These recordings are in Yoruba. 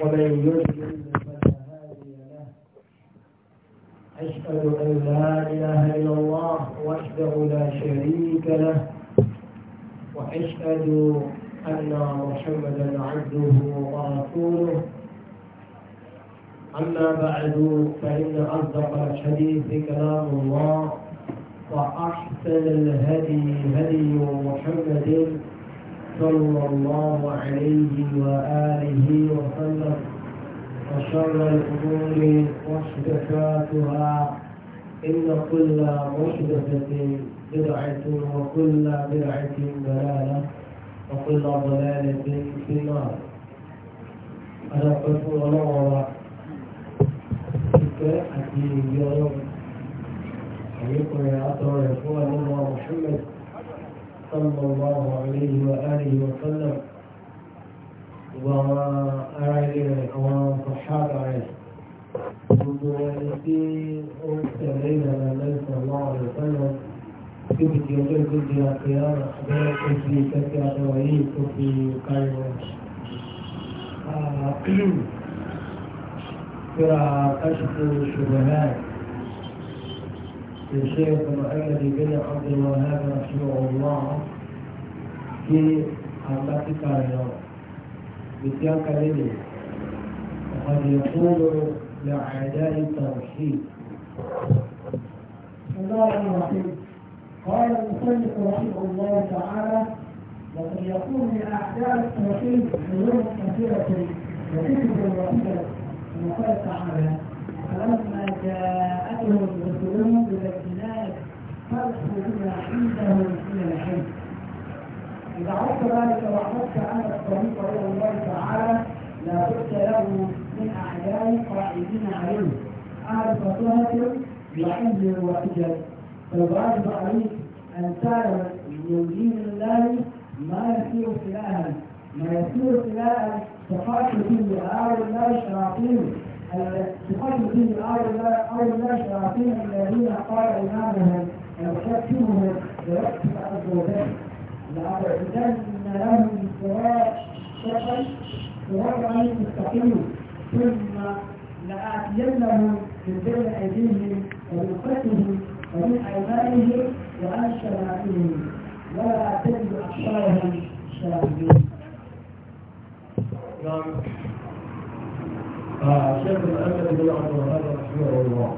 ومن يضلل فلا هادي له أشهد أن لا إله إلا الله وحده لا شريك له وأشهد أن محمدا عبده ورسوله أما بعد فإن أصدق الحديث كلام الله وأحسن الهدي هدي محمد صلى الله عليه وآله وسلم وشر الأمور محدثاتها إن كل محدثة بدعة وكل بدعة ضلالة وكل ضلالة في النار أنا قلت الله أتي اليوم أيكم يا أطول يقول الله محمد صلى الله عليه وآله وسلم وآله وصحابه عليه gbogbo ẹni tí ó ń tẹ̀lé ìlànà lẹ́sìn ọlọ́run rẹ̀ fẹ́lẹ̀ tí ó ti ọjọ́ ìgbéjì àti àrùn abẹ́rẹ́ tó fi kẹ́kẹ́ àtọwọ̀ yìí tó fi kárí wọn. Fíra káṣíkò ṣùgbọ́n náà للشيخ المؤيد بن عبد الوهاب رحمه الله في حلقة كاريو بتلك ليلة وقد يقول لأعداء التوحيد بسم الله الرحمن الرحيم قال المصنف رحمه الله تعالى وقد يقول لأعداء التوحيد علوم كثيرة وذكر وحيدة كما قال تعالى فلما جاءتهم رسلهم بالبينات فرحوا عندهم من العلم إذا عرفت ذلك وعرفت أن الطريق إلى الله تعالى لا بد له من أعداء قائمين عليه أعرف فصلة وعلم وحجج فالواجب عليك أن تعلم من دين الله ما يسير سلاحا ما يسير سلاحا تقاتل به أعوى الله الشياطين تقدم فيه آية الله شياطين الذين قال إمامهم ويكتمهم ويكتم أزواجهم لأعتدن لهم سواء شقا سواء مستقيم ثم لآتينهم من بين أيديهم ومن خلفهم ومن أيمانهم وعن شمائلهم ولا تجد أكثرهم شاهدين. شيخ الأمل بن عبد الوهاب رحمه الله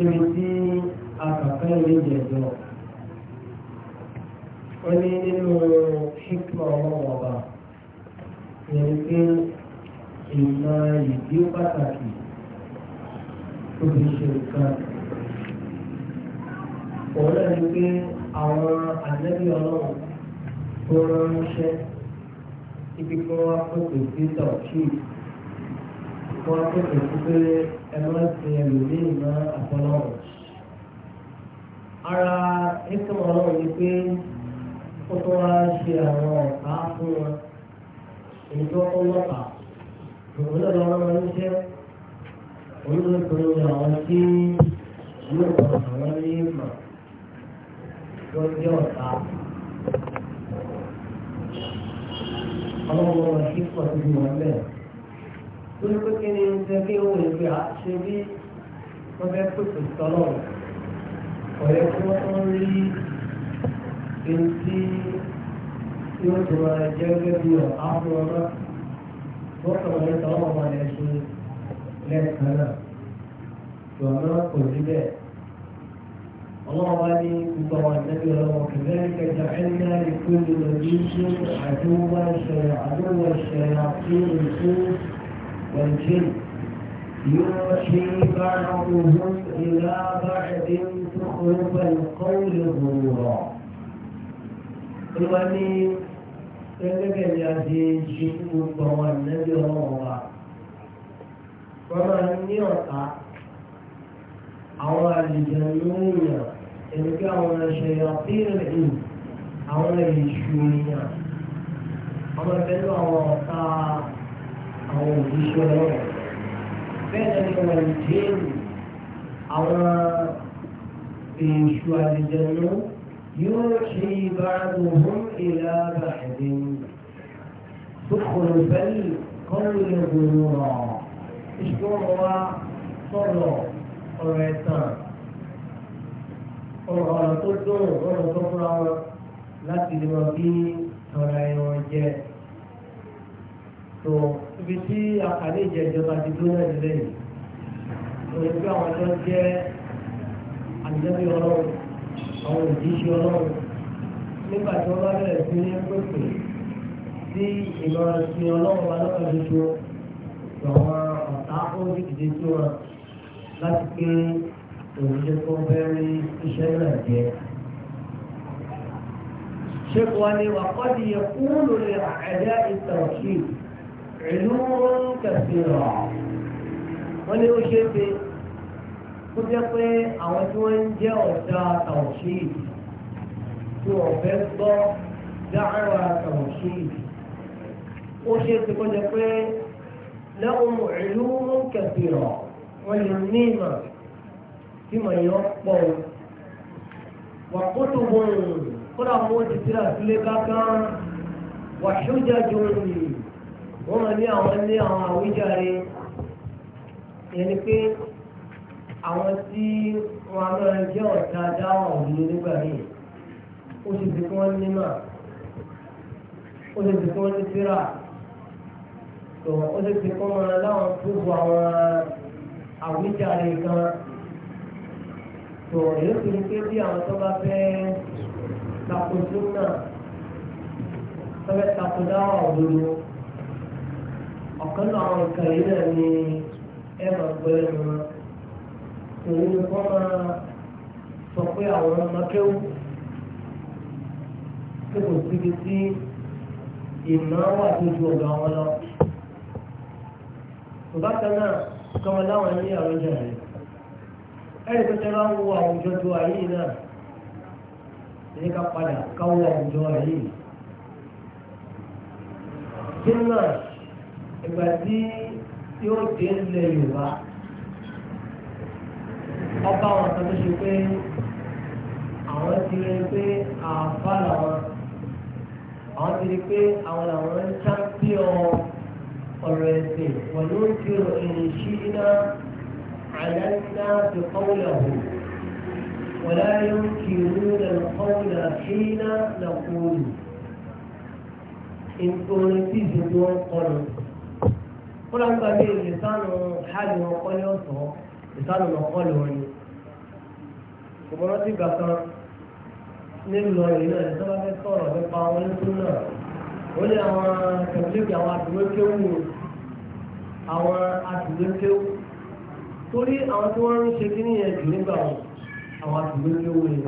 إنتي أتقل جدا ولين حكمة الله يمكن إما يدي بطاكي تبشر كاتب òun náà ni pé àwọn àjẹ́bí ọlọ́run tó ránṣẹ́ ibi kí wọ́n wá pèpè sí tọ̀kì wọ́n tẹ̀lé sí pé ẹ máa ń sin ẹlòmíì mọ́ àfọlọ́run. ara ẹ̀sìn ọlọ́run ni pé ó tó wá ṣe àwọn ọ̀tá fún wọn èyí tó kọ́ lọ́pàá òun náà lọ́wọ́ máa ń jẹ́ òun ló ń pinnu àwọn tí yóò kọ́ àwọn ní ìmọ̀ tó jẹ́ ọ̀tá. ọlọ́run wọn torí pé kí ni ṣe kí wọ́n lè fi ṣe bí wọ́n fẹ́ pèsè sọ́lọ̀ ọ̀rẹ́ kí wọ́n tó ń rí ẹni tí yóò tó máa jẹ́ gẹ́gẹ́ bí ọ̀pá fún ọmọ wọ́n kàn wọ́n lẹ́tọ̀ ọmọ wọn lè ṣe lẹ́ẹ̀kan náà ṣùgbọ́n kò rí bẹ́ẹ̀. الله والنبي وكذلك جعلنا لكل نبي عدوا عدوا الشياطين الانس الجن يوحي بعضهم إلى بعض تخرب القول ظهورا إغني إنك يا ذي الجن مطوانا برغبة ومن يعطى أو الجنون إن كان شياطين الإنس أو الشيوعية أما بدو أو àwọn òjíṣẹ́ ọlọ́run bẹ́ẹ̀ ni wọ́n ń jẹ́rù àwọn èṣù àlìjẹ̀nu yóò ṣe ìbáraẹ̀hún ìlà bàdé tó kọ̀rọ̀ bẹ́ẹ̀ kọ́lù lẹ́gbẹ̀rún rọ̀ ìṣòro wa sọ̀rọ̀ ọ̀rọ̀ ẹ̀tàn ọ̀rọ̀ tó dùn ọ̀rọ̀ tó fúnra wọn láti lè mọ bí ọ̀rọ̀ ẹ̀wọ̀n jẹ́ tó ibi tí àkàlẹ́ ìjẹ ìjọba ti dúró náà nílẹ̀ yìí lórí pé àwọn tó jẹ́ àjẹbí ọlọ́run àwọn òjíṣẹ́ ọlọ́run nígbà tí wọ́n bá bẹ̀rẹ̀ sí ní pèpè sí ìmọ̀ràn sí ọlọ́run wa lọ́kàn ṣoṣo àwọn ọ̀tá ó ní ìdíje sí wọn láti pé òṣìṣẹ́ tó bẹ́ẹ̀ rí iṣẹ́ náà jẹ́. شيخ واني وقد يكون لأعداء التوحيد ìlú kẹsì rọ̀ wọ́n ní ó ṣe é ṣe kó jẹ́ pé àwọn tí wọ́n ń jẹ́ ọ̀dà tàwọ̀ṣìd tí wọ́n fẹ́ gbọ́ dáhàrà tàwọ̀ṣìd ó ṣe é ṣe kó jẹ́ pé lẹ́hùn ìlú kẹsì rọ̀ wọ́n ní ìmọ̀ tí mọ̀ yẹn pọ̀ wà kó tó wọ́n kó dà mọ́ ti tira kankan wà ṣújà jọ nìyí wọ́n máa ní àwọn ní àwọn àwíjàre ìyẹn ni pé àwọn tí wọn máa jẹ́ ọ̀tá dáhùn òdúró nígbà míì ó sì ti kí wọ́n ní mà ó sì ti kí wọ́n ní tíra tó ó sì ti kí wọ́n máa láwọn tó bu àwọn àwíjàre kan tó èyí ti ní pé bí àwọn tó bá fẹ́ takojú náà tó fẹ́ takojú àwọn òdúró ọ̀kan náà àwọn nǹkan náà ni ẹ máa gbọ́ ẹnu wọn òun ni wọ́n máa sọ pé àwọn ọmọ kéwù pé kò síbi tí ìmọ̀ wà tó ju ọ̀gá wọn lọ. bàbá náà kọ́mọ láwọn ní àròjà rẹ̀ ẹ̀rí tó tẹ́lá ń wo àwùjọ tó ayé náà ní ká padà káwọ́ àwùjọ ayé. Kí náà ìgbà tí yóò dé ilẹ̀ yorùbá ọba àwọn kan tó ṣe pé àwọn ti rí pé àáfà làwọn àwọn ti rí pé àwọn làwọn ń champion ọ̀rọ̀ ẹ̀sìn wọ́n ló ń ìrìn sí iná àyànná ti kọ́wé ọ̀hún. ولا ينكرون القول حين نقول إن كنت ذو قلب kódà ń gbàgbé ìlẹ̀sánù hajj wọn kọ́ ní ọ̀sán ìlẹ̀sánù wọn kọ́ lọ́wọ́ ni kòmọ́nà ti gbà kan nílùú ìlú náà ìjọba bá fẹ́ sọ̀rọ̀ nípa àwọn oníkú náà ó ní àwọn tẹ̀lifí àwọn àdúrókéwù àwọn àdúrókéwù torí àwọn tí wọ́n ń ṣe kí nìyẹn jù nígbà wọn àwọn àdúrókéwù ni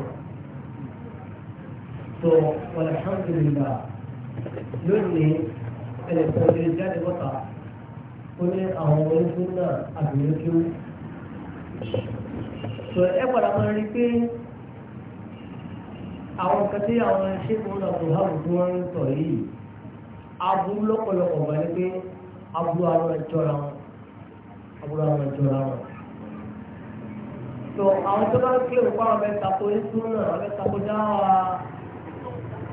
tó wàlẹ̀ hàn kìlìlà lónìí ẹ̀ẹ́dẹ̀gbọ́n ti ó ní àwọn onígun náà àbíyójú sọ ẹ padà máa rí pé àwọn kan tí àwọn ṣẹ́gun náà tó hàn tó wọ́n ń sọ yìí Abu lọ́pọ̀lọpọ̀ wà ní pé aburú àwọn ẹ̀jọ́ra wọn aburú àwọn ẹ̀jọ́ra wọn tó àwọn tó bá ń kílè kó àwọn mẹ́ta tó ń sún náà àwọn mẹ́ta tó dáwà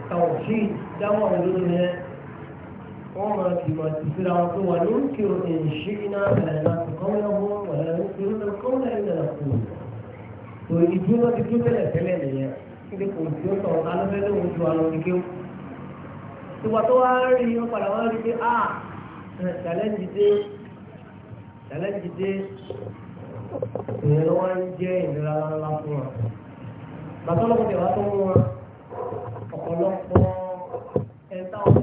tàwọn sí dáwà òdodo yẹn wọ́n máa ti máa ti síra wọn pé wà ló ń kí o ní ṣíkínà ẹ̀rẹ̀ láti kọ́wé ọmọ ẹ̀rẹ̀ ń kí o ní kọ́wé ẹ̀rẹ̀ láti kù. tó ìdí wọn ti dún tẹ́lẹ̀ tẹ́lẹ̀ nìyẹn níbi kò sí ó sọ̀rọ̀ alẹ́ lóhun ju alọ́ ní kéwù. ìwà tó wá rí wọn padà wá rí pé a ṣàlẹ́ǹdì dé ṣàlẹ́ǹdì ń jẹ́ ìnira ńlá fún wa. bàtọ́ lọ́kùnrin tó mú wa ọ̀pọ̀lọpọ̀ ẹ̀ táwọn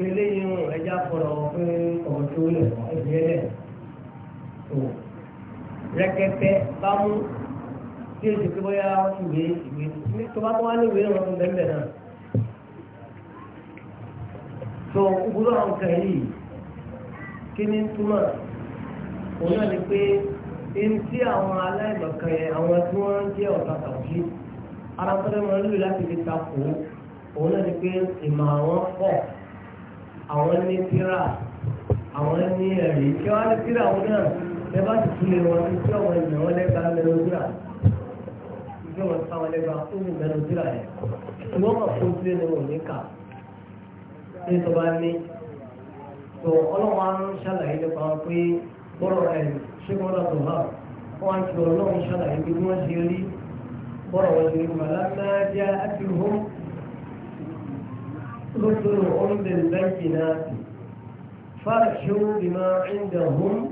pélé yìí ẹja fọ̀rọ̀ pé ọ̀rọ̀ tó lẹ̀ ẹ̀jẹ̀ lẹ̀ tó rẹ́kẹ́tẹ́ bá mú tí o ti pé bóyá ìwé ìwé tó bá tó wá ní ìwé náà wọn bẹ́ẹ̀ náà tó gbúdọ̀ àwọn kan yìí kí ni túmọ̀ òun náà ni pé ẹni tí àwọn aláìmọ̀kan yẹn àwọn tí wọ́n jẹ́ ọ̀tá tàbí ara tó lè máa lù láti fi ta kó òun ni pé ìmọ̀ àwọn pọ̀ àwọn ní tíra àwọn ní ẹ̀rí kí wọ́n ní tíra wọn náà ẹ bá ti túlẹ̀ wọn ní tí ọmọ ìgbà wọn lẹ́ka mẹ́rin tíra ìgbà wọn ká wọn lẹ́ka fún mi mẹ́rin tíra ṣùgbọ́n wọn fún tíra ni wọn ò ní kà ní tó bá ní tó ọlọ́wọ́ á ń ṣàlàyé nípa pé bọ́rọ̀ ẹ̀ ṣé wọ́n lọ tó bá wọn ti ọlọ́wọ́ ṣàlàyé bí wọ́n ṣe rí bọ́rọ̀ wọn ṣe rí مثلهم بالبينات فرحوا بما عندهم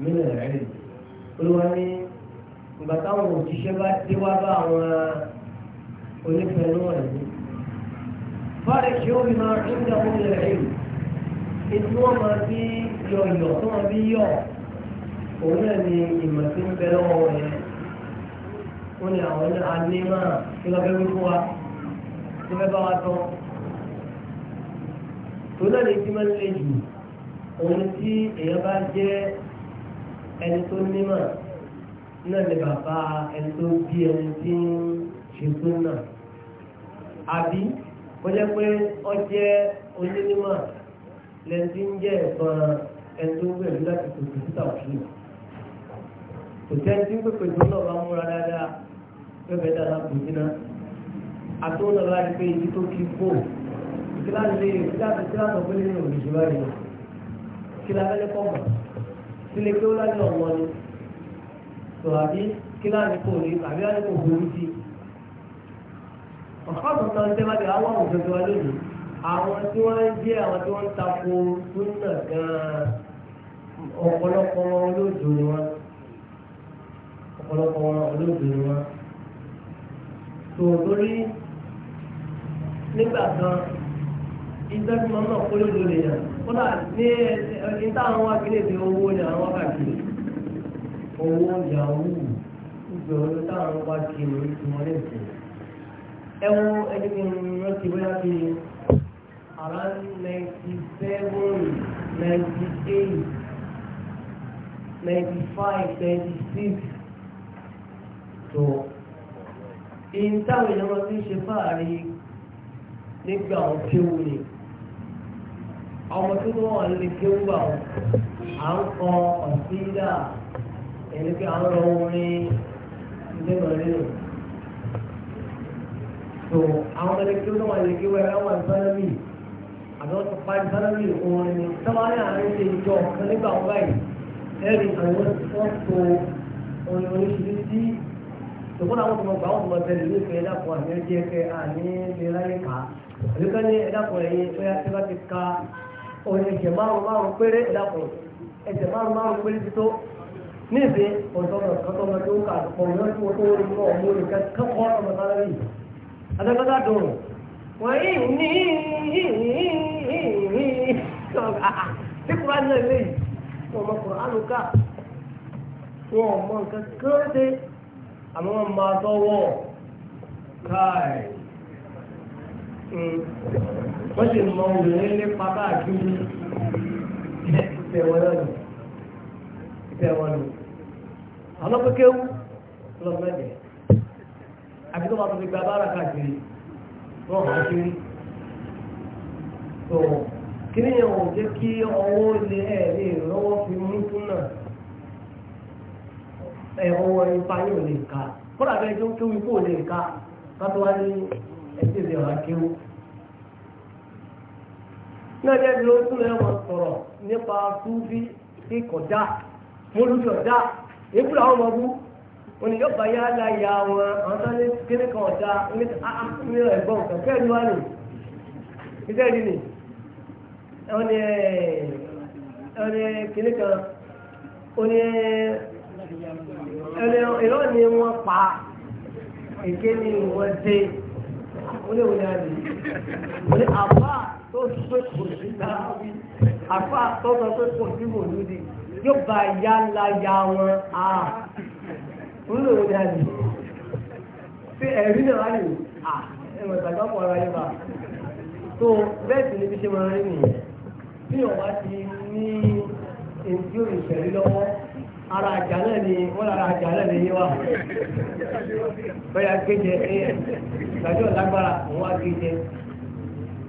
من العلم olùwàní ìgbà táwọn òṣìṣẹ́ bá dé wá bá àwọn onífẹ̀ẹ́nú rẹ̀ ní. فرحوا بما عندهم من العلم inú ọmọ bí yọ̀yọ̀ tó wọn bí yọ̀ òun náà ni ìmọ̀ tí ń bẹ lọ́wọ́ yẹn wọ́n ní àwọn ní anímọ̀ kí lọ́ọ́ fẹ́ wí fún wa kí lọ́ọ́ fẹ́ bá wa tán tó náà lè tí máa ń lè jù òun tí èèyàn bá jẹ́ ẹni tó nímọ̀ náà ni bàbá ẹni tó bí ẹni tí ń ṣe tó náà àbí wọ́n jẹ́ pé ọ jẹ́ onímọ̀ lẹ́ni tí ń jẹ́ ẹ̀kan ẹni tó gbẹ̀rú láti tòkè síta òkè kò sẹ́ni tí ń pèpè tó náà bá múra dáadáa bẹ́ẹ̀ dáadáa kò sí náà àtúntò náà láti pé ibi tó kí fóònù kíláàsì lè yẹ kíláàsì kíláàsì ọ̀gbẹ́lẹ̀ ní òbí jù báyìí kíláàsì lè kọ́ mọ̀ sílé pé ó láyé ọ̀wọ́ ni tó àbí kíláàsì kò ní àbí láyé kò borí sí. ọ̀pá tuntun ń tẹ́lá bẹ̀rẹ̀ àwọn òṣèlú wa lónìí àwọn tí wọ́n ń jẹ́ àwọn tí wọ́n ń tako súnà gan-an ọ̀pọ̀lọpọ̀ olóòjò ni wọ́n ọ̀pọ̀lọpọ̀ olóòjò ni wọ́n tó lórí nígbà kan. iṣẹ́ tí wọ́n náà kólé lónìí ní eh, ìta àwọn akéde owó ni àwọn wákàtí owó yahoo ìgbẹ́ owó táwọn wá kí ni tí wọ́n lè fún ẹ̀wọ̀n ẹni tí wọ́n ti wáyà bí around ninety seven ninety eight ninety five ninety six tó ìta àwọn ṣe fáàrí nígbà ni. ọmọ tó tó wà lórí kéwúgbà wọn à ń kọ ọ̀síńdà ẹni pé à ń lọ orin ilé ìrọ̀lẹ́ nù. tó àwọn ọmọdé kéwú náà wà lórí kéwú ẹ̀rọ àwọn ìsálámì àbí wọ́n ti pa ìsálámì orin ni sábàárì àárín ṣe ìjọ kan nígbà wọn báyìí ẹ̀rí àwọn wọ́n tó orin oríṣiríṣi tòkúnà àwọn ọmọ gbàwọn ọmọ tẹ́lẹ̀ ní ìfẹ́ ẹ̀dàpọ̀ àmì ẹ̀jẹ̀ ẹ̀kẹ́ àní ẹ̀dẹ̀ láyé ká àbíkẹ́ ní ẹ̀dàpọ̀ ẹ̀yìn ó yá tí wọ́n ti ka òun ẹ̀jẹ̀ márùn márùn péré ẹ̀dàpọ̀ ẹ̀jẹ̀ márùn márùn péré ti tó ní ìdí ọ̀dọ́mọ̀ kọ́tọ́mọ tó ń kà pọ̀ lọ́sí wọn tó wọlé mọ́ ọmọ olùkẹ́ kẹ́kọ̀ọ́ ọmọ sára yìí adẹ́gbẹ́dá dùn wọ́n yìí ní kíkúrá náà lè wọ́n mọ kùrọ̀ àlùkà wọ́n mọ nǹkan kan ṣe àmọ́ wọn máa wọ́n sì mọ obìnrin nípa bá a kí ní ìtẹ̀wọ́lọ́nù ìtẹ̀wọ́lọ́nù ọlọ́pẹ́kẹ́wù lọ́mọdé àti tó máa tó fi gba bára káàkiri wọ́n hàn kiri tó kiri yẹn wọ́n jẹ́ kí ọwọ́ ilé ẹ̀ lè lọ́wọ́ fi mú tún náà ẹ̀ ọwọ́ ipa yóò lè ka kódà bẹ́ẹ̀ tó kéwì kó lè ka kátó wá ní ẹ̀sìn ìdè ọ̀hán náà jẹ́ ló tún lọ́yọ́ sọ̀rọ̀ nípa súnfí tí kò dá mólúdì làwọn ọmọ bú òní yóò bá yá la ya wọn àwọn tó ní kíní kan ní ah, ah, nílò ẹ̀gbọ́n nì ni kíní kan òní ni pa èké ni dé àbá. tó pé kò sí láàáwí àfá tọ́tọ́ pé kò sí mòlúdì yóò bá ya ńlá ya wọn à ńlò ó dá ní sí ẹ̀rí náà wáyé à ẹ̀rọ ìgbàgbọ́ pọ̀ ara yóò bá tó bẹ́ẹ̀ sì níbi ṣe máa rí nìyẹn bí ọba ti ní èdè òrìṣẹ́rí lọ́wọ́ ara àjà náà ni wọ́n lára àjà náà lè yé wa bẹ́ẹ̀ gbé jẹ ẹ̀ ìgbàjọ́ lágbára òun wá gbé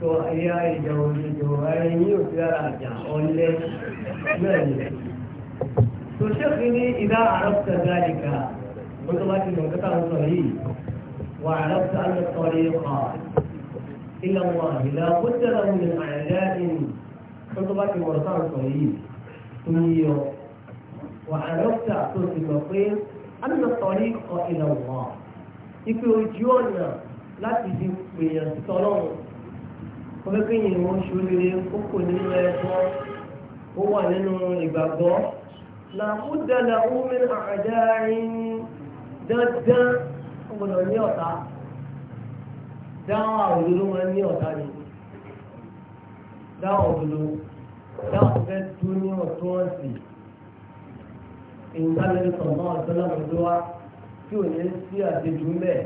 tó ayé ìjọ òjòjò ẹni yóò fi ara àjà ọlẹ́ náà ni. tó ṣẹ́kì ní ìdá àrọ́pútà dáríkà wọ́n tó bá ti mọ̀ kọ́tà ń sọ yìí wà àrọ́pútà ń sọ rí kọ́ ilẹ̀ wọn ìlà kótẹ́rà ní àyẹ̀dá ìní wọ́n tó bá ti mọ̀ kọ́tà ń sọ yìí tó yíyọ wà àrọ́pútà tó ti mọ̀ pé ń sọ rí kọ́ ilẹ̀ wọn ìpè ojú ọ̀nà láti di pèèyàn sọlọ́run oníkéyìn wọn ṣòrire ó kò ní ẹ̀kọ́ ó wà nínú ìgbàgbọ́ làbúdàlà omi àdáyìn dandan ọgbọ̀dọ̀ ní ọ̀tá dáhùn àwòrán wọn ní ọ̀tá ni dáhùn òdodo dáhùn fẹ́ dún ní ọ̀túnwọ̀nsì ìgbàlódé sọ̀rọ̀ ọ̀tọ́ náà lọ́dọ́ wa tí ò ní sí àjẹjù ń bẹ̀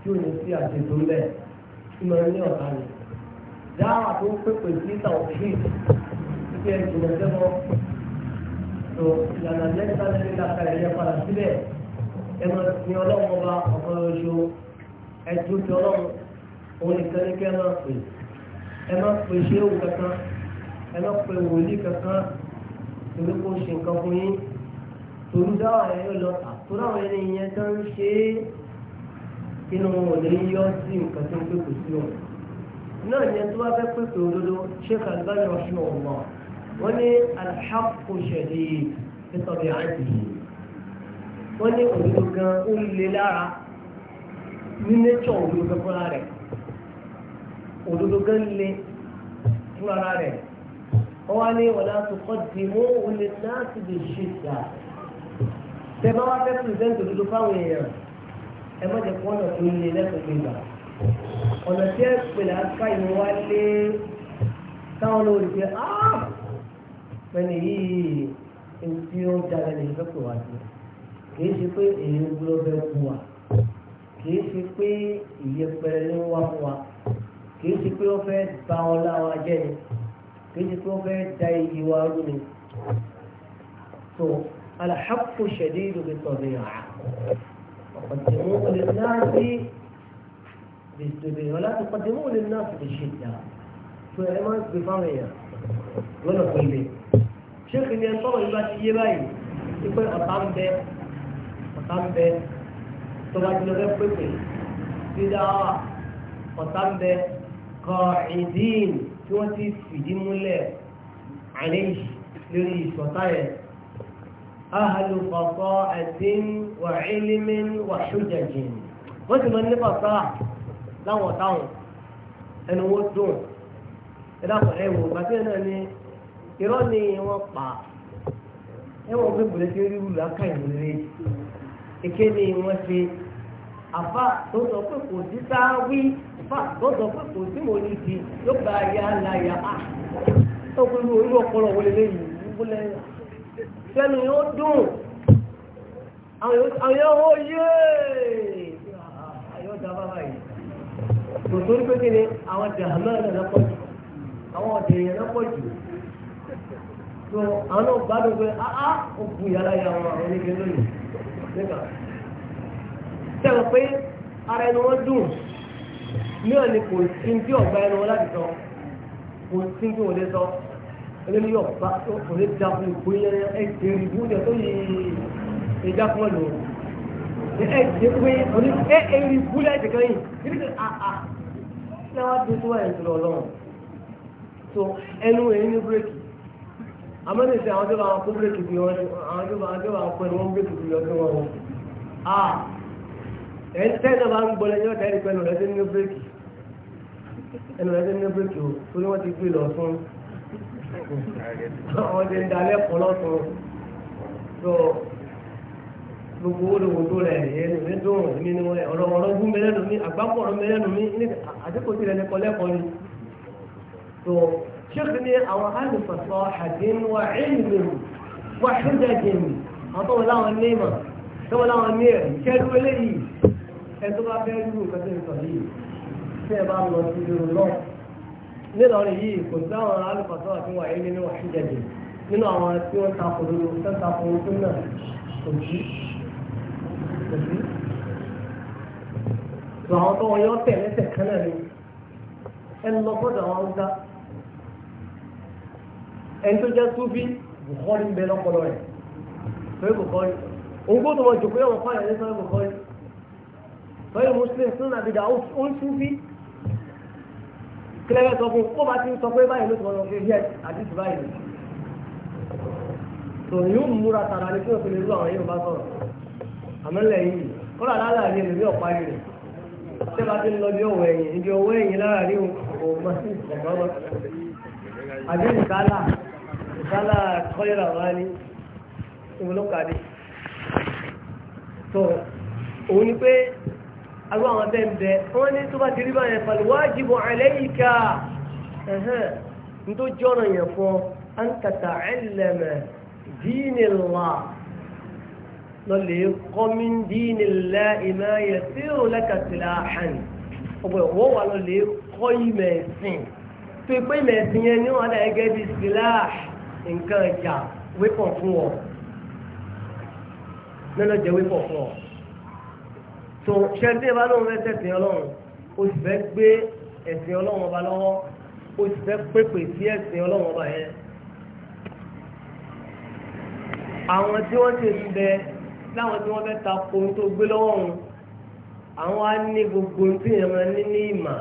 tí ò ní sí àjẹjù ń bẹ̀ tí mo ní ọ̀tá ni dáhà tó ń pèpè sí tàwọ̀fíì títí ẹni jìnnà sẹ́kọ̀ọ́ tó ìlànà lẹ́yìn sáré nílà kárẹ̀ yẹ padà síbẹ̀ ẹnu ní ọlọ́run ọba ọ̀pọ̀ oṣù ẹjú ti ọlọ́run òun nìkan ní kẹ́ ẹ máa pè ẹ máa pè ṣéwù kankan ẹ máa pè wòlíì kankan torí kò ṣe nǹkan fún yín torí dáhà ẹ yóò lọ àtúrò àwọn ẹni yẹn tó ń ṣe é kí ni wọn ò lè yọ sí nǹkan tó ń pèpè sí wọn náà ni ẹni tó bá fẹ́ pèpè òdodo Sheikh Albani ọ̀ṣun ọ̀mọ́ wọ́n ní alḥaqu shadid nítorí àìsí wọ́n ní òdodo gan ó lè lára ní nẹ́tọ̀ òdodo gan fúnra rẹ̀ òdodo gan lè fúnra rẹ̀ wọ́n wá ní wala tuqaddimuhu lin-nasi bi-shidda tẹ́ bá wá fẹ́ pèsè òdodo fáwọn èèyàn ẹ má jẹ́ kó ọ̀nà tó lè lẹ́sọ̀ọ́ ọ̀nà tí ẹ pèlè aká ìwọ wá lé táwọn olórí pé áá ah! pẹ̀lú yìí ewu tí ó ń dára lè fẹ́ pè wá sí kìí ṣe pé èyí ń gbúdọ̀ bẹ́ẹ̀ kú wa kìí ṣe pé ìyẹpẹrẹ ló ń wá fún wa kìí ṣe pé wọ́n fẹ́ ba ọlá wa jẹ́ ni kìí ṣe pé wọ́n fẹ́ da iyì wa rú ni so alḥaqu ṣẹ̀dí ìdòkè sọ̀rọ̀ yàrá ọ̀pọ̀ tẹ̀wọ́n olè náà sí. بالزبير ولا تقدموا للناس بالشدة فإعمال بفرية ولا قلبي شيخ إن ينطر يباتي يباين يقول أطعم بيت أطعم بيت طبعا جنوبين قلبي بدعا أطعم بيت قاعدين توتي في دين الله عليه لريش وطاية أهل فطاعة وعلم وحجج وزمن لفطاعة láwọn táwọn ẹnu wọn dùn ẹ dàpọ̀ ẹ wò gbàtí ẹ náà ní irọ́ ni wọ́n pa ẹ wọ́n gbé bùrẹ́ tí ó rí wùlá ká ìwúre èké ni wọ́n ṣe àfa tó sọ pé kò sí sáwí fa tó sọ pé kò sí mòlì sí ló gba ya láya á tó kú ní orí ọpọlọ wọlé lẹ́yìn wọlé sẹ́nu yóò dùn àwọn yóò yé ayọ̀ dábàbà yìí tòtòrí pé kí ni àwọn dàmọ́ ẹ̀ lọ́pọ̀ jù àwọn ọ̀dẹ̀ yẹn lọ́pọ̀ jù tó àwọn náà gbádùn pé áá ó bu yàrá ya wọn àwọn oníke lónìí nígbà sẹ́wọ̀n pé ara ẹni wọ́n dùn ní ọ̀nì kò sí bí ọ̀gbá ẹni wọn láti sọ kò sí bí wọ́n lè sọ ẹni yóò bá kò lè da fún ìgbó yẹn ẹ jẹ ìbú yẹn tó yẹ ìjà fún ẹ lò ẹ jẹ pé ẹ ẹ ìbú yẹn ti kàn yìí kí wọ́n dé tó wáyé tó lọ́wọ́ so ẹnu èyí ní bírèkì àmọ́ ní sẹ́ àwọn tó bá wọn kó bírèkì bí wọ́n àwọn tó bá wọn tó bá wọn kó ẹni wọ́n bírèkì bí wọ́n tó wọ́n wọ́n a ẹni tẹ́lẹ̀ náà bá ń gbọ́ lẹ́yìn ọ̀tá ẹni pẹ̀lú ẹni ní bírèkì ẹni rẹ̀ ní bírèkì o torí wọ́n ti gbé lọ fún àwọn ti ń dalẹ̀ pọ̀ lọ́sùn so gbogbo olówó tó rẹ̀ ẹ̀yẹ́ ní dùn ní ọ̀rọ̀ ọ̀rọ̀ gún mẹ́rẹ́nu mi àgbápọ̀ ọ̀rọ̀ mẹ́rẹ́nu mi àdínkù sí ẹni kọlẹ́kọ̀ọ́ ni tó ṣéèkì ní àwọn alùpàṣọ àdín wa ìlú wa ṣúdẹ̀dìn àwọn tó wọn láwọn ní ìmọ̀ tó wọn láwọn ní ẹ̀ kẹ́rù eléyìí ẹni tó bá fẹ́ rú nǹkan tó yìí tí bá lọ sí irú náà nílọrin yìí kò sí àwọn alùpàṣọ àti wà ìlú ní wa ṣúdẹ̀dìn nínú àwọn tí wọ́n ta kòdòdó tó ń ta kòdòdó náà kò sí kò sí sọ àwọn tó wọn yọ tẹ̀ lẹ́sẹ̀ kan náà ni ẹ lọ bọ́dọ̀ àwọn haúsá ẹni tó jẹ́ súfí bùkọ́lì ń bẹ lọ́pọ̀lọ́ rẹ̀ pé bùkọ́lì òun gbọ́dọ̀ wọn jòkó yẹn wọn fáyọ̀ ní sọ́yìn bùkọ́lì sọ́yìn muslim sínú àbídà ó ń súfí kílẹ̀rẹ́ sọ fún kó bá ti ń sọ pé báyìí ló ti wọ́n fi yẹ àdìsí báyìí tò yóò múra tààrà ní kí òfin lè àwọn yóò bá sọ̀rọ̀ àmọ́lẹ̀ yìí kọ́lá e bá ti ń lọ bí ọwọ́ ẹ̀yìn ibi ọwọ́ ẹ̀yìn láàárín ọmọ ọmọ àbí ìsálà ìsálà kọ́lẹ́rà wá ní tó òun ni pé àwọn wọ́n ní tó bá ti rí àlẹ́yìíká jọ́nà yẹn fún an ẹ̀lẹ́mẹ̀ dínìlá lọ́lẹ̀ kọ́míndínì lẹ́ẹ̀mẹ́ yẹ tí ó lẹ́kàtìlá hàn ọgbẹ̀ wọ́n wà lọ́lẹ̀ kọ́ ìmẹ̀ ẹ̀sìn tó ipé ìmẹ̀ ẹ̀sìn yẹn ní wọn gẹ́gẹ́ bí sílá nǹkan ìjà wípọ̀n fún ọ mẹ́lọ jẹ́ wípọ̀n fún ọ. tó ṣe tí ìbá lóun fẹ́ sẹ̀sìn ọlọ́run o sì fẹ́ gbé ẹ̀sìn ọlọ́run ọba lọ́wọ́ o sì fẹ́ pépè sí ẹ̀sìn ọlọ́run ọba yẹn àwọn tí wọ́n ti ń bẹ láwọn tí wọ́n fẹ́ ta ko tó gbé lọ́wọ́ wọn àwọn á ní gbogbo tí yẹn máa ní ní ìmà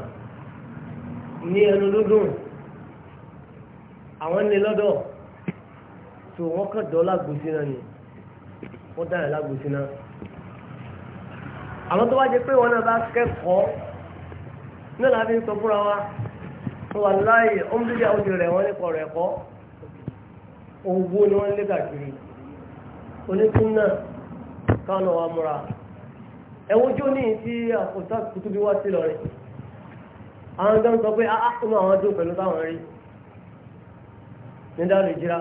ní ẹnu lódùn àwọn ní lọ́dọ̀ tó wọ́n kàn dọ́ lágbòsí náà ni wọ́n dára lágbòsí náà àwọn tó wá jẹ pé wọn náà bá kẹ́kọ̀ọ́ náà láti sọ fúnra wa tó wà láàyè ó ń bí ìyàwó ti rẹ̀ wọ́n nípa ọ̀rọ̀ ẹ̀kọ́ owó ni wọ́n lé kàkiri oníkùn náà káwọn náà wà múra ẹ̀wọ́n jó ní ti àkótá tuntun bí wá sí lọ rẹ̀ àwọn tó ń sọ pé ákùnú àwọn tó pẹ̀lú táwọn rí ní dáàbò ìjìra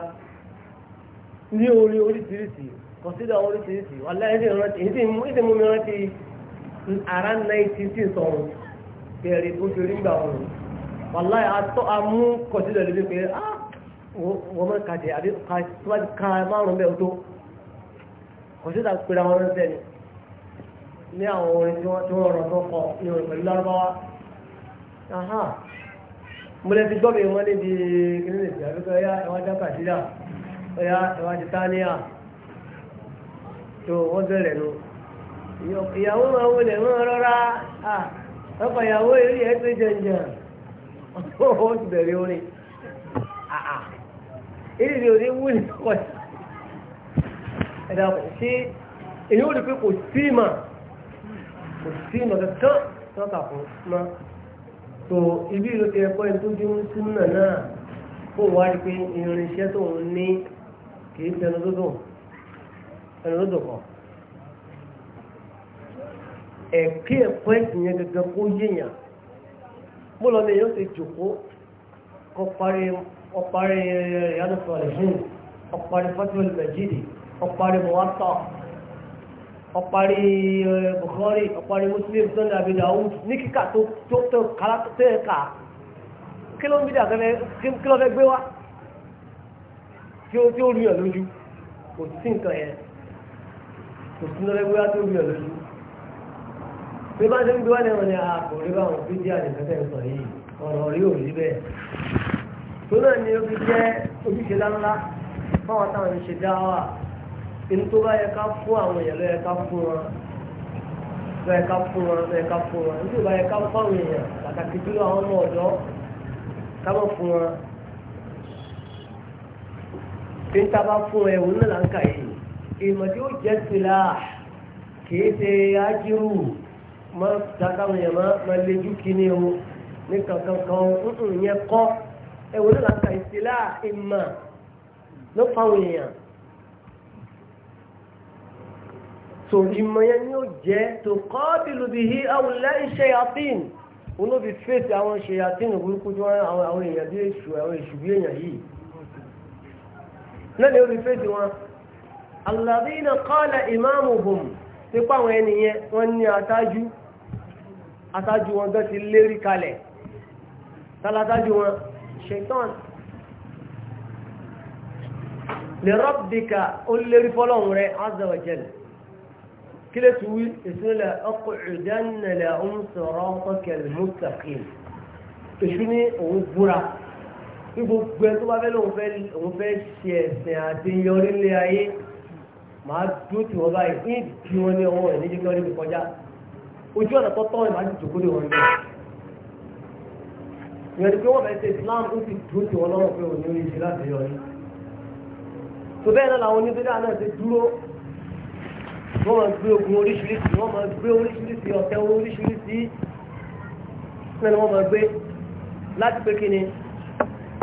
ní orí oríṣiríṣi kọ̀sídà oríṣiríṣi wà láyé ní ìrántí èyí tí mú mi rántí ara náìtì tí ń sọ̀rọ̀ kẹrì tó ṣe rí gbà wọn wà láyé atọ́ amú kọ̀sídà lórí pé ah wọ́n mọ̀ kàdé àbí ká márùn-ún bẹ́ẹ̀ tó kọ̀ǹtẹ́tà pera wọn lọ́sẹ̀ ni ní àwọn orin tí wọ́n rọ̀ tó kọ ìròyìn pẹ̀lú lárúbáwá mo lè fi gbọ́bẹ̀ wọn níbi kìnnìkì àbíkọ́ ẹ̀yà ẹ̀wọ̀n dákà sílá ẹ̀yà ẹ̀wọ̀n titania tó wọ́n bẹ̀rẹ̀ lọ. ìyàwó máa wọlé wọn rọra ọkọ̀ ìyàwó ìrí ẹ̀ tó jẹjẹ ó ti bẹ̀rẹ̀ orin. ìrírí òní wúlò kọ̀ọ̀tì ẹ̀dá kò ṣe èyí ó rí pé kò sí mà kò sí mà kankan tí wọ́n kà fún ma tó ibi ìlú ti ẹ̀kọ́ ẹni tó dín súnmọ́ náà kó wá rí pé irinṣẹ́ tó ń ní kì í tẹnu lódò ẹnu lódò kan ẹ̀kí ẹ̀kọ́ ẹ̀sìn gẹ́gẹ́ kó yéèyàn mo lọ ní èyí ó ti jòkó kó parí ọparí ìyánu eh, sọ̀rọ̀ ìhìn ọparí fọ́tíwọ̀lì nàìjíríà ọ̀parí mọ̀wátọ̀ ọ̀parí eh, Bukhari ọ̀parí Muslim tó ní abidà ọ̀hún ní kíkà tó tó kàlá tó tẹ́ ẹ̀ka kí ló ń bídà kẹfẹ́ kí ló fẹ́ gbé wá tí ó tí ó rí ọ̀ lójú kò sí nǹkan yẹn kò sí lọ́fẹ́ gbé wá tó rí ọ̀ lójú bí bá ṣe ń gbé wá ní ni ah, a kò rí báwọn fídíà nìkẹ́tẹ̀ sọ yìí ọ̀rọ̀ rí ò rí bẹ́ẹ̀ tó náà ni ó fi jẹ́ ojúṣe láńlá báwọn táwọn ń ṣe dáwà nítorí bá yẹ ká fún àwọn èèyàn lọ́yẹ ká fún wọn lọ́yẹ ká fún wọn lọ́yẹ ká fún wọn nítorí bá yẹ ká fún àwọn èèyàn pàtàkì jùlọ àwọn ọmọ ọ̀dọ́ ká mọ̀ fún wọn. tí ń tábà fún ẹ òun náà là ń kà yìí ìmọ̀ tí ó jẹ́ sílá kìí ṣe ájírù mọ́ dákàwọn èèyàn máa lejú kíní o ní kankan kan ń yẹn kọ́ ẹ òun náà là ń kà yìí sílá ìmọ̀ ló fáwọn èèyàn. so ìmọ̀ yẹn ni ó jẹ́ tó kọ́bìlù bí i àwùlẹ̀ iṣẹ́ yàtín wọn ló fi fèsì àwọn iṣẹ́ yàtín burúkú tí wọ́n àwọn èèyàn bí èṣù àwọn èṣù bí èèyàn yìí náà ni fèsì wọn alladhina qala imamuhum ti pa àwọn ẹnìyẹn wọ́n ní atájú atájú wọn gbé ti lérí kalẹ̀ tálátájú wọn ṣetán lè rọ́bìkà ó lérí fọ́lọ́hún rẹ̀ azza wa kílẹ̀ تقول wí ìsinlẹ̀ ọkọ̀ ìdánilẹ̀ ọ̀hún sọ̀rọ̀ ọ̀kẹ̀lẹ̀ mustaqim èṣù ní òun búra ní gbogbo ẹ tó bá fẹ́ lóun fẹ́ òun fẹ́ ṣe ẹ̀sìn àti yọrí lé ayé màá dúró tì wọ́n báyìí ní ìdí wọn ní ọwọ́ ẹ̀ níjẹ́ kí wọ́n débi kọjá ojú ọ̀nà tó tọ́ ẹ̀ máa ti jòkó lé wọn bẹ́ẹ̀. ìyẹn ni pé wọ́n fẹ́ ṣe Islam ó sì dúró tì wọ́n lọ́wọ́ pé òun ní oríṣi láti yọrí. tó bẹ́ẹ̀ náà làwọn oníbẹ̀rẹ̀ náà ti dúró wọ́n máa gbé ogun oríṣiríṣi wọ́n máa gbé oríṣiríṣi ọ̀tẹ̀ oríṣiríṣi sẹ́ni wọ́n máa gbé láti pé kí ni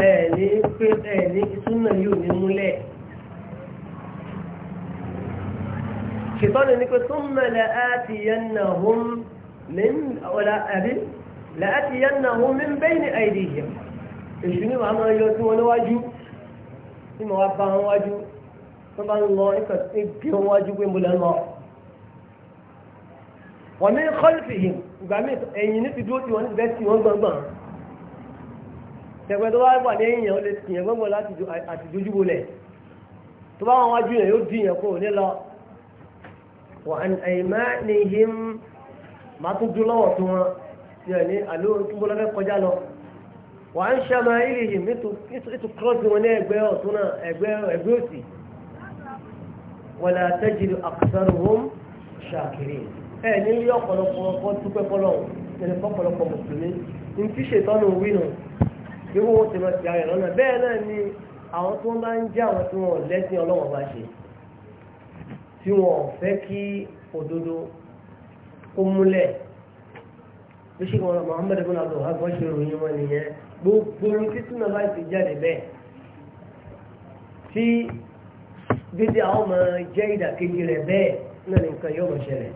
ẹ̀ẹ̀ni pé ẹ̀ẹ̀ni súnà yóò ní múlẹ̀. ṣètọ́nù ni pé súnmọ̀ láti yánà hún mí bẹ́ẹ̀ ni àìdí yẹn èṣù ni wàá máa yọ sí wọn níwájú tí mo wá bá wọn wájú tó bá ń lọ nípa bí wọn wájú pé mo lè lọ wọ́n ní kọ́lùfì yìí ìgbà míì ẹ̀yìn ní ti dúró tí wọ́n ti bẹ́ẹ̀ tì wọ́n gbọ̀ngbọ̀n tẹ̀gbẹ́ tó bá wà ní ẹ̀yìn ó lè tì yẹn láti dojú bolẹ̀ tó bá wọn wájú yẹn yóò dì yẹn kó lọ. wọ́n àni ẹ̀yìnmá ni yìí máa tún dún lọ́wọ́ tó wọn ti ẹ̀ ní àlọ́ túnbọ̀lọ́fẹ́ kọjá lọ. wọ́n à ń ṣàmà ilé yìí ètò kírọ́ọ̀sì wọn ní ẹgbẹ́ ọ̀tún ẹ ní rí ọ̀pọ̀lọpọ̀ ọkọ̀ dúpẹ́ fọlọ́ ẹni fọ́pọ̀lọpọ̀ mùsùlùmí ní tí ṣètọ́nù wí nù bí wọ́n ti lọ sí ara ẹ̀ lọ́nà náà ni àwọn tó bá ń jẹ́ àwọn tí wọ́n lẹ́sìn ọlọ́wọ́ bá ṣe tí wọ́n fẹ́ kí òdodo kó múlẹ̀ bí ṣe wọn Muhammad bin Abdul Wahab ṣe ròyìn wọn nìyẹn gbogbo orin títún náà láti jáde bẹ́ẹ̀ tí gbédé àwọn ọmọ jẹ́ ìdàkejì rẹ̀ bẹ́ẹ̀ náà nìkan yóò mọ̀ ṣẹlẹ̀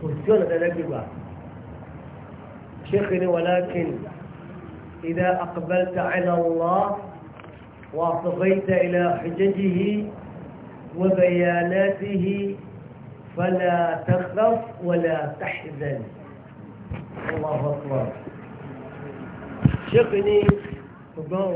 kò sí ọ̀nà tẹ́lẹ́gbẹ̀gbà ṣéèkì ni walakin idha aqbalta ala Allah wa asghayta ila hujajihi wa bayanatihi fala takhaf wala tahzan Allahu akbar ṣéèkì ni ṣùgbọ́n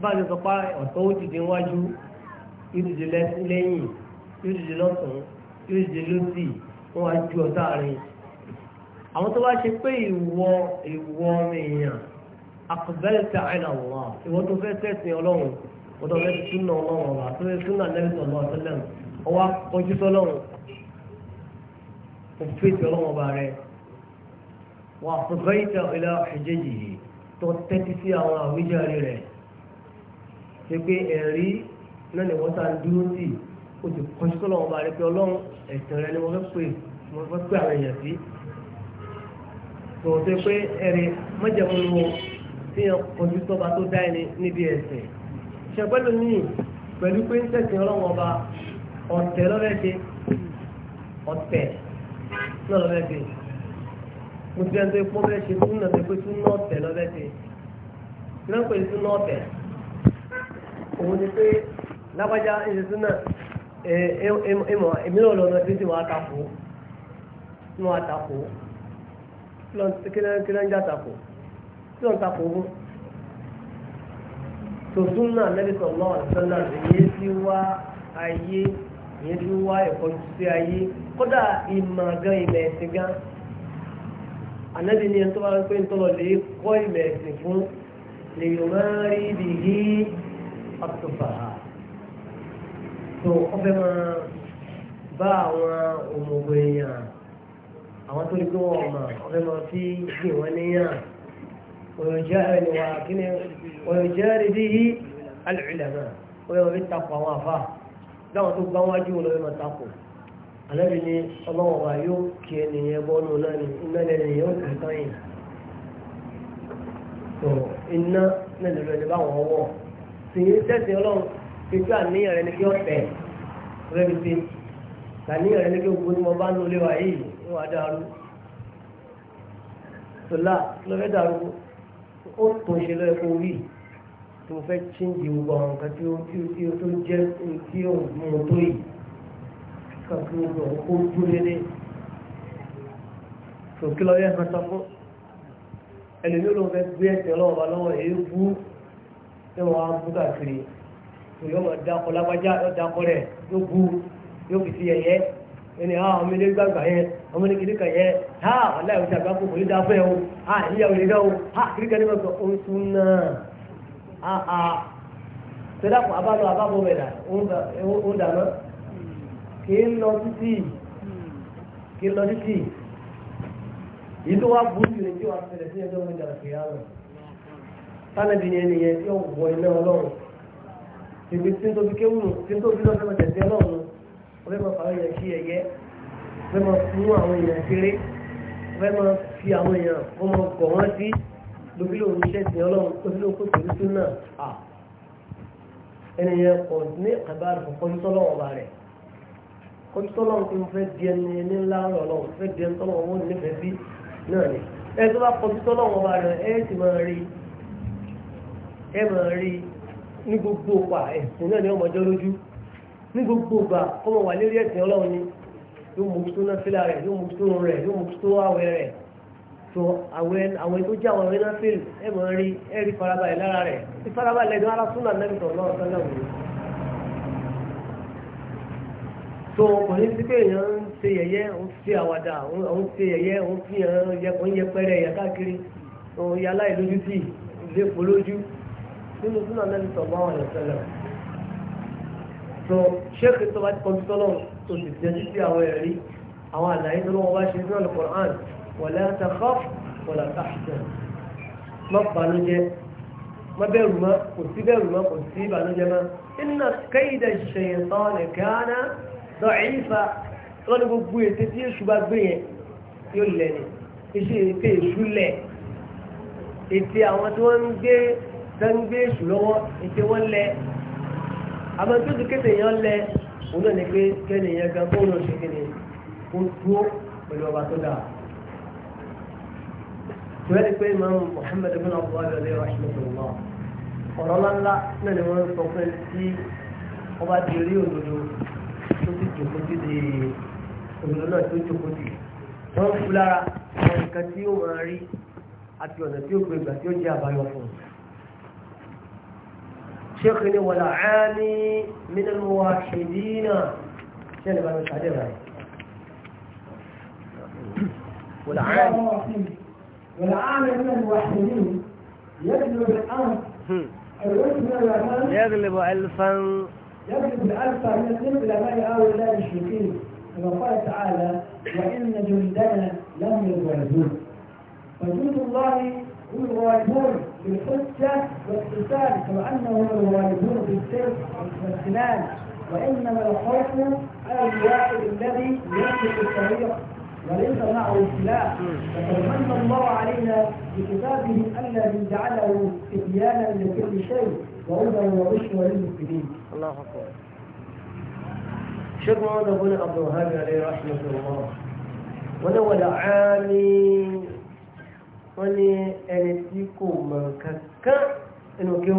bá ní sọpá ọ̀tọ́ wọ́n wá ju ọ̀tá rẹ̀ àwọn tó bá ṣe pé ìwọ ìwọ èèyàn àkọbẹ́lẹ̀tẹ̀ àìlàwọ̀ ìwọ tó fẹ́ tẹ̀sìn ọlọ́run wọ́n tó fẹ́ súnà ọlọ́run ọba tó fẹ́ súnà lẹ́rìsọ̀ lọ́wọ́ tẹ́lẹ̀ ọwọ́ kọjú sọlọ́run òfin ti ọlọ́run ọba rẹ̀ wà àkọbẹ́lẹ̀tẹ̀ ìlà ìjẹ́jì yìí tó tẹ́tí sí àwọn àwíjàre rẹ̀ ṣe pé ẹ̀rí náà ni wọ́n ta dúró sí i o ti kọjú kọ́ lọ́wọ́ bá rẹ pé ọlọ́run ẹ̀sìn rẹ ni wọ́n fẹ́ pè wọ́n fẹ́ pè àwọn èèyàn sí. tòótọ́ pé ẹ̀rí mọ́jẹ̀mú wo tí yẹn kọjú sọ́ba tó dá ẹni níbi ẹ̀sìn. ṣẹ̀gbẹ́lú ní pẹ̀lú pé ń tẹ̀sìn ọlọ́run ọba ọ̀tẹ̀ lọ́rẹ́dẹ ọ̀tẹ̀ náà lọ́rẹ́dẹ. mo ti ẹni tó pọ́ bẹ́ẹ̀ ṣe tún náà tó pé tún náà ọ̀tẹ̀ lọ́rẹ́dẹ. ìrẹ́pẹ̀lú ìmọ̀ èmi náà lọ́nà tí wọ́n àtakò tí wọ́n àtakò kí ló ń jà takò tí wọ́n takò fún. tòtún náà lẹ́bi sọ̀rọ̀ lọ́wọ́ àtúntò náà èyí ti wá ayé èyí wá ẹ̀kọ́ sí ayé kódà ìmọ̀ gan ìmọ̀ ẹ̀sìn gan ni tó bá ń pè lè kọ́ ìmọ̀ ẹ̀sìn fún tó ọbẹ̀ máa bá àwọn òmùgbò èèyàn àwọn tó ní kí wọ́n mọ̀ ọbẹ̀ máa fi gbè wọ́n níyàn òyòjẹ́rì bí i alìlẹ̀mọ̀ oyè wọ́n fi takò àwọn àfà láwọn tó gbá wájú wọn lọ́wọ́ máa takò alẹ́bí ni ọlọ́wọ́ wa yóò kí ẹnìyẹn bọ́ọ̀nù náà ní iná lẹ́nu yóò kì yìí tó iná lẹ́nu lẹ́nu báwọn wọ̀ sí tẹ́sí ọlọ́run fífi àníyàn rẹ ní kí ọ̀tẹ̀ rẹ fi ṣe àníyàn rẹ ní kí ogun tí mo bá ń lò léwà yìí ń wà dàrú tòlá ló fẹ́ dàrú ó tó ṣe lọ́yẹ kó wí tó fẹ́ chíǹdì gbogbo àwọn nǹkan tí ó tí ó tó jẹ́ tí ó mú tó yìí kankan ló ń kó dúró lédè tòkí lọ́yẹ kan sọ fún ẹlòmíràn fẹ́ gbé ẹ̀sẹ̀ lọ́wọ́ lọ́wọ́ èébú tí wọ́n á yóò mọ̀ dákọ lágbájá yóò dákọ rẹ̀ yóò bu yóò fi ti yẹyẹ ẹni àwọn ah, ọmọ ilé gbàgbà yẹn ọmọ ilé kìlíkà yẹn ha ah, wàlá ìwé sàgbà kò kòlí dáfẹ́ o ha ah, ìyá òye dá o ha kìlíkà ní bàtà o tún náà a a tẹ́lá kò abáàlọ́ abáàbọ̀ bẹ̀ dà ó dáná kì í lọ títì kì í lọ títì ìlú wa bú ju ní tí wàá fẹ̀rẹ̀ sí ẹjọ́ mi dàrú kìí àná tánàbí yẹn nìyẹn tí wọ iná ọlọ́run ibi tí n tó fi ké wùnú tí n tó fi lọ́sẹ̀ mọ̀tẹ̀ sí ọlọ́run ọbẹ̀ máa fà àwọn èèyàn sí ẹ̀yẹ ọbẹ̀ máa fún àwọn èèyàn kéré ọbẹ̀ máa fi àwọn èèyàn wọ́n máa gọ̀ wọ́n sí lóbi lòun iṣẹ́ ìsìn ọlọ́run lóbi lòun kò tòlú tó náà à ẹni yẹn kò ní àbára kò kọjú tọ́lọ́ ọba rẹ̀ kọjú ń fẹ́ di ẹni ẹni ńlá ọlọ́run fẹ́ di ẹni tọ́lọ́ wọn ní gbogbo ọgbà ẹ̀sìn náà ni ọmọ ọjọ́ lójú ní gbogbo ọgbà ọmọ wà lérí ẹ̀sìn ọlọ́run ni yóò mú tó náfìlà rẹ̀ yóò mú tó rẹ̀ yóò mú tó àwẹ̀ rẹ̀ tó àwẹ̀ tó jẹ́ àwọn àwẹ̀ náfìl ẹ̀ mọ̀ rí ẹ̀ rí farabalẹ̀ lára rẹ̀ tí farabalẹ̀ gan ara súnà náà nìkan náà sọ́nà wò tó ọkùnrin sí pé èèyàn ń ṣe yẹ̀yẹ́ ń fi àwàdà ń ṣe yẹ̀yẹ́ ń fi hàn yẹpẹrẹ yẹ káàkiri òun yàrá ìlójú tì lè polójú nínú súnà náà ní sọ̀gbọ́ àwọn ọ̀yọ́ sẹ́lẹ̀ tó ṣéèkì tó bá ti kọ́ tó lọ́wọ́ tó sì jẹ́ títí àwọn ẹ̀rí àwọn àlàyé tó lọ́wọ́ bá ṣe nínú Al-Qur'an wala takhaf wala tahzan má banújẹ́ má bẹ̀rù mọ́ kò sí bẹ̀rù mọ́ kò sí banújẹ́ mọ́ inna kayda ash-shaytani kana da'ifa lọ́nà gbogbo ètè tí èṣù tẹ́ni gbé èṣù lọ́wọ́ ètè wọ́n lẹ àmọ́ tí ó ti kéde yẹn lẹ òun náà ní pé kẹ́ni yẹn gan bóun náà ṣe kéde kó dúró pẹ̀lú ọba tó dáa. tùwẹ́ ni pé imam muhammed bin abdullahi alayhi wa rahmatulah ọ̀rọ̀ ńláńlá náà ni wọ́n sọ pé tí ọba ti rí òdodo tó ti jòkó ti di òdodo náà tó jòkó ti wọ́n ń fúlára àwọn nǹkan tí ó máa rí àti ọ̀nà tí ó gbé ìgbà tí ó jẹ́ àbáyọ fún un. شيخنا ولا عامي من الموحدين شنو بعد متعدل هاي ولا عامي ولا عامي من الموحدين يجلب الأمر يغلب ألفا يغلب ألفا من العلماء أو لا المشركين كما قال تعالى وإن جندنا لم يغلبون فجود الله هو الغالبون بالحجة والقتال كما أنهم الوالدون بالسر والخلال وإنما الخوف على الواحد الذي يملك الطريق وليس معه السلاح فقد من الله علينا بكتابه الذي جعله تبيانا لكل شيء وهدى وبشرى للمسلمين. الله أكبر. شيخ محمد بن عبد الوهاب عليه رحمه الله ولولا عالي wọ́n ní ẹni tí kò mọ̀ kankan inú kí ọ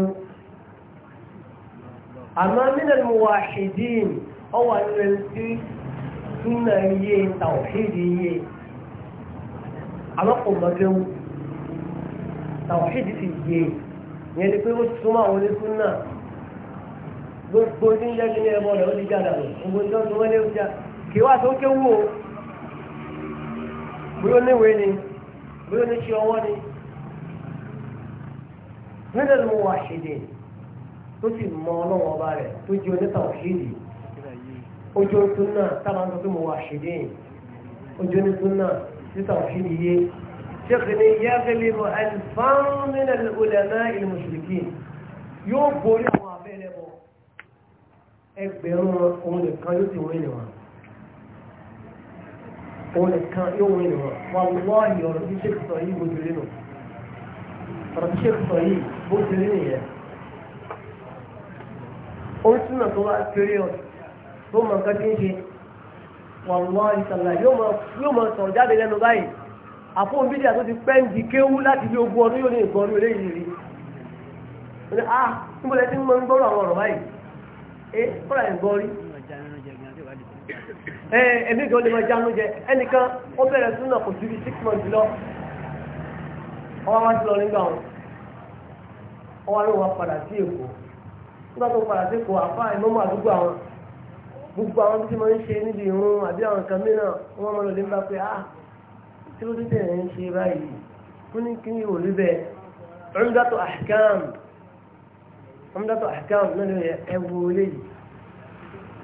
wà nínú tí iye tàwọ̀hídì iye àmọ́ kò mọ̀ kí ó tàwọ̀hídì sì yé ni pé ó súnmọ́ àwọn gbogbo ní ilé ní ẹbọ rẹ̀ ó ti jáde gbogbo ní ọdún ó kí bóyá ní ṣe ọwọ́ ni mẹ́rin ló wà ṣèdè tó sì mọ ọlọ́wọ́ ọba rẹ̀ tó jẹ́ oníta òṣèlú ojú oṣù náà tábà ń sọ pé mo wà ṣèdè ojú oṣù náà títà òṣèlú yé ṣéèkì ni yẹ́gẹ́lẹ́ bọ̀ ẹ̀lfáàrún nínú olùlẹ̀mẹ́ ìlú òun nìkan yóò wọ ìlú wọn wọ́n yọ ọ̀rọ̀ tí sèkì sọ yìí bójú nínú ọ̀rọ̀ tí sèkì sọ yìí bójú nínú yẹn ó túnà tó bá kéré ọ̀ tó mọ̀ nǹkan tí ń ṣe wọ́n wọ́n ìsàlà yóò mọ̀ sọ̀rọ̀ jáde lẹ́nu di kéwú láti bí ogún ọdún yóò ní nǹkan orí eléyìí ah níbo lẹ ti ń mọ ń gbọ́rọ̀ àwọn ọ̀rọ̀ báyìí ẹ eh, kọ́ra ẹ̀ gbọ́ ẹ̀mí gan lè máa jánu jẹ ẹnìkan ó bẹ̀rẹ̀ súnà kò ju bí six months lọ ọwọ́ wá sí lọ nígbà wọn ọwọ́ ló wá padà sí èkó nígbà tó padà sí èkó àfa ìmọ̀mọ́ àdúgbò àwọn gbogbo àwọn tí wọ́n ń ṣe níbi ìrún àbí àwọn kan mìíràn wọ́n máa lọ lé bá pé ah tí ló dídẹ̀ ń ṣe báyìí fún ní kí ò rí bẹ́ẹ̀ umdatu ahkam umdatu ahkam náà ló yẹ ẹwọ léyìí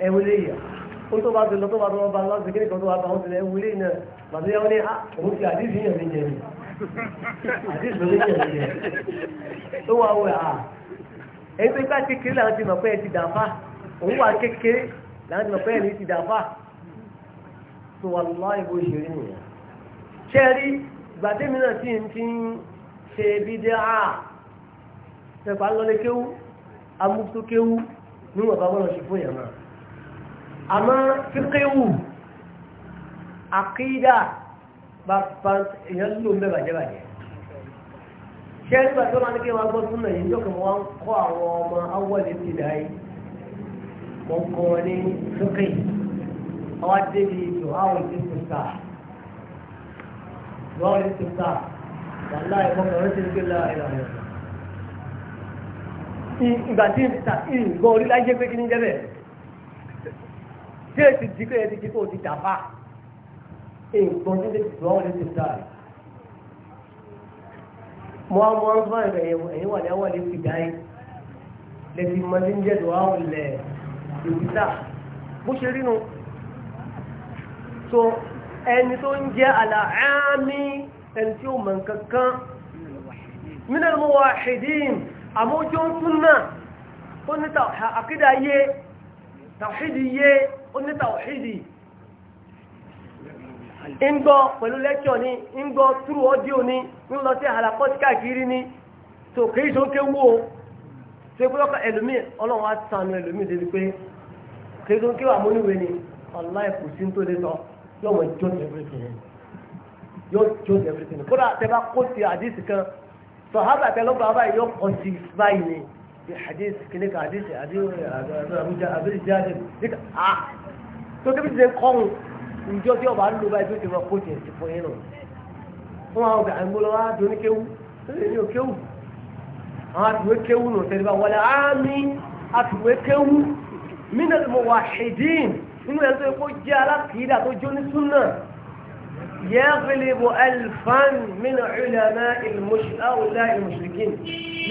ẹwọ léyìí ó tó bá ti lọ tó bá tó wọn bá lọ sí kíni kan tó wà bá wọn tilẹ̀ wúlé náà bàtú yà wọn ní òun ti àdìsí yàn mí jẹ ni àdìsí lórí yàn mí jẹ tó wà wọ à ẹni tó gbà kékeré làwọn ti mọ̀ pé ẹ ti dà fà òun wà kékeré làwọn ti mọ̀ pé ẹ ti dà fà tó wà lọ́wọ́ ìbò ìṣeré nìyẹn ṣẹ́ẹ́rí gbàdémi náà ti ń ti ń ṣe bídẹ́ à ṣẹ̀fà lọ́lẹ́ kéwú amútókéwú níwọ̀n bá wọ́n lọ sí fún yàrá àmọ́ fíkíwù àkídà bàbá èèyàn ló ń bẹ́ bàjẹ́bàjẹ́ ṣé nígbà tó máa ní kí wọ́n gbọ́ súnmọ̀ yìí lókè wọ́n ń kọ́ àwọn ọmọ awọ́lé ti dà yìí wọ́n kọ́ wọn ní fíkì ọwọ́ débi ìjọ àwọn ìdí tó sà lọ́wọ́ ìdí tó sà wàhálà ìbọn kan rántí ní pé láàrín ìlànà ìgbà tí ìgbà orí láyé pé tí èsì jí pé èsì jí kò ti dàbà nǹkan tí lè tù ọ́ lè tù dáa mo á mọ fún ẹ̀yìn wà ní àwọn lè fi dáa lè fi mọ ní jẹ́ tó àwọn lẹ̀ ìwúta bó ṣe rí nu so ẹni tó ń jẹ́ àlàámi ẹni tí ó mọ̀ nǹkan kan mínà mú wa ṣèdín àmójó ń tún náà ó ní àkídà yé tàwídì yé ó ní tàwíìdì ń gbọ́ pẹ̀lú lẹ́kṣọ̀ ni ń gbọ́ túrú ọ́díò ni ń lọ sí àlàpọ́tíkà kiri ni tó kìí tó ké wó tó pé ọkọ̀ ẹlòmí ọlọ́run á ẹlòmí débi kìí tó ké wà múníwé ni ọ̀la ẹ̀kú sí tó lé sọ yóò hadis kìíní ka hadis àbújá àbúrí jáde níka a tó débi ti ṣe kọ́hún ìjọ tí ọba ló bá ibi tí wọn kó tiẹ̀ ti fún yín nù fún àwọn ọgbà àìmọ́lọ́wọ́ àdóní kéwù ní òkéwù àwọn àtúwé kéwù nù tẹ́lẹ̀ bá wọlé àmì àtúwé kéwù mínà tó mọ̀ wà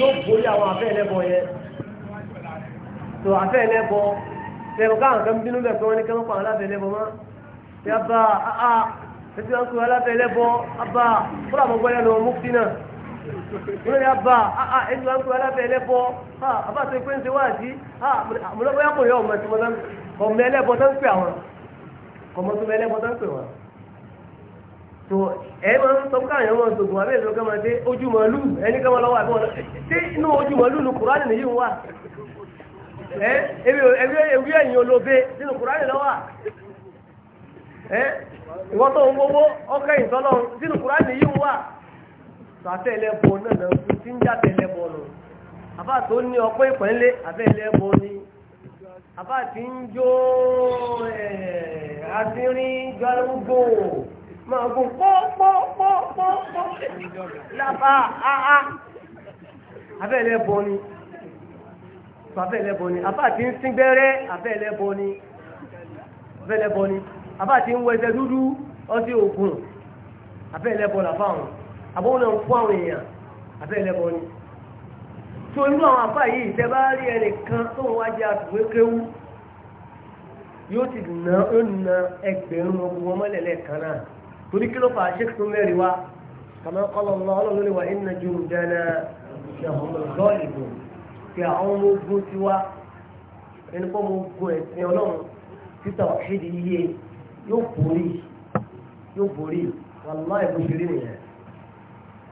yóò borí àwọn afẹ́ ẹlẹ́bọ yẹn tó afẹ́ ẹlẹ́bọ lẹ́nu káwọn kan bínú bẹ̀ pé wọ́n ní kí wọ́n pa aláfẹ́ ẹlẹ́bọ mọ́ tí a bá a tètè wọn kó aláfẹ́ ẹlẹ́bọ a bá fúlà mọ́ gbọ́dọ̀ lọ mufti náà wọ́n ní a bá a ẹni wọn kó aláfẹ́ ẹlẹ́bọ a bá tó pé ń ṣe wáàdí a mọ̀lọ́bọ̀ yà kò yọ ọmọ ẹlẹ́bọ tó ń pè àwọn kọ̀mọ́tò ẹlẹ́bọ tó ń pè wọ́n. tó ẹ máa ń sọ káàyàn máa sògùn abẹ́ ìlú kẹ́mọ̀ dé ojú màálù ẹni kẹ́mọ̀ lọ́wọ́ àbí inú ojú màálù ní kùránì nìyí wà ẹ ẹ̀yìn nínú kùránì wà tó ní ọpẹ́ máa gùn pọ́pọ́pọ́pọ́ lábá àá abẹ́lẹ̀ bọ ni abẹ́lẹ̀ bọ ni àbá ti ń sín gbẹ́rẹ́ abẹ́lẹ̀ bọ ni abẹ́lẹ̀ bọ ni àbá ti ń wẹsẹ̀ dúdú ọtí ògùn abẹ́lẹ̀ bọ làbá wọn àbọ̀wọ́n náà ń kó àwọn èèyàn abẹ́lẹ̀ bọ ni tó irú àwọn àbá yìí tẹ bá rí ẹnìkan tó ń wájú àtúwé kéwú yóò ti na ẹgbẹ̀rún ọgbọ̀n mọ́lẹ̀lẹ̀ kan náà. كلكلو فاشكتم يا رواه كما قال الله لنا وإن جندنا لهم الغالبون في عوم الغسوة إن قوموا بقوة يولون في توحيد إيه يبوري يبوري والله يبوشريني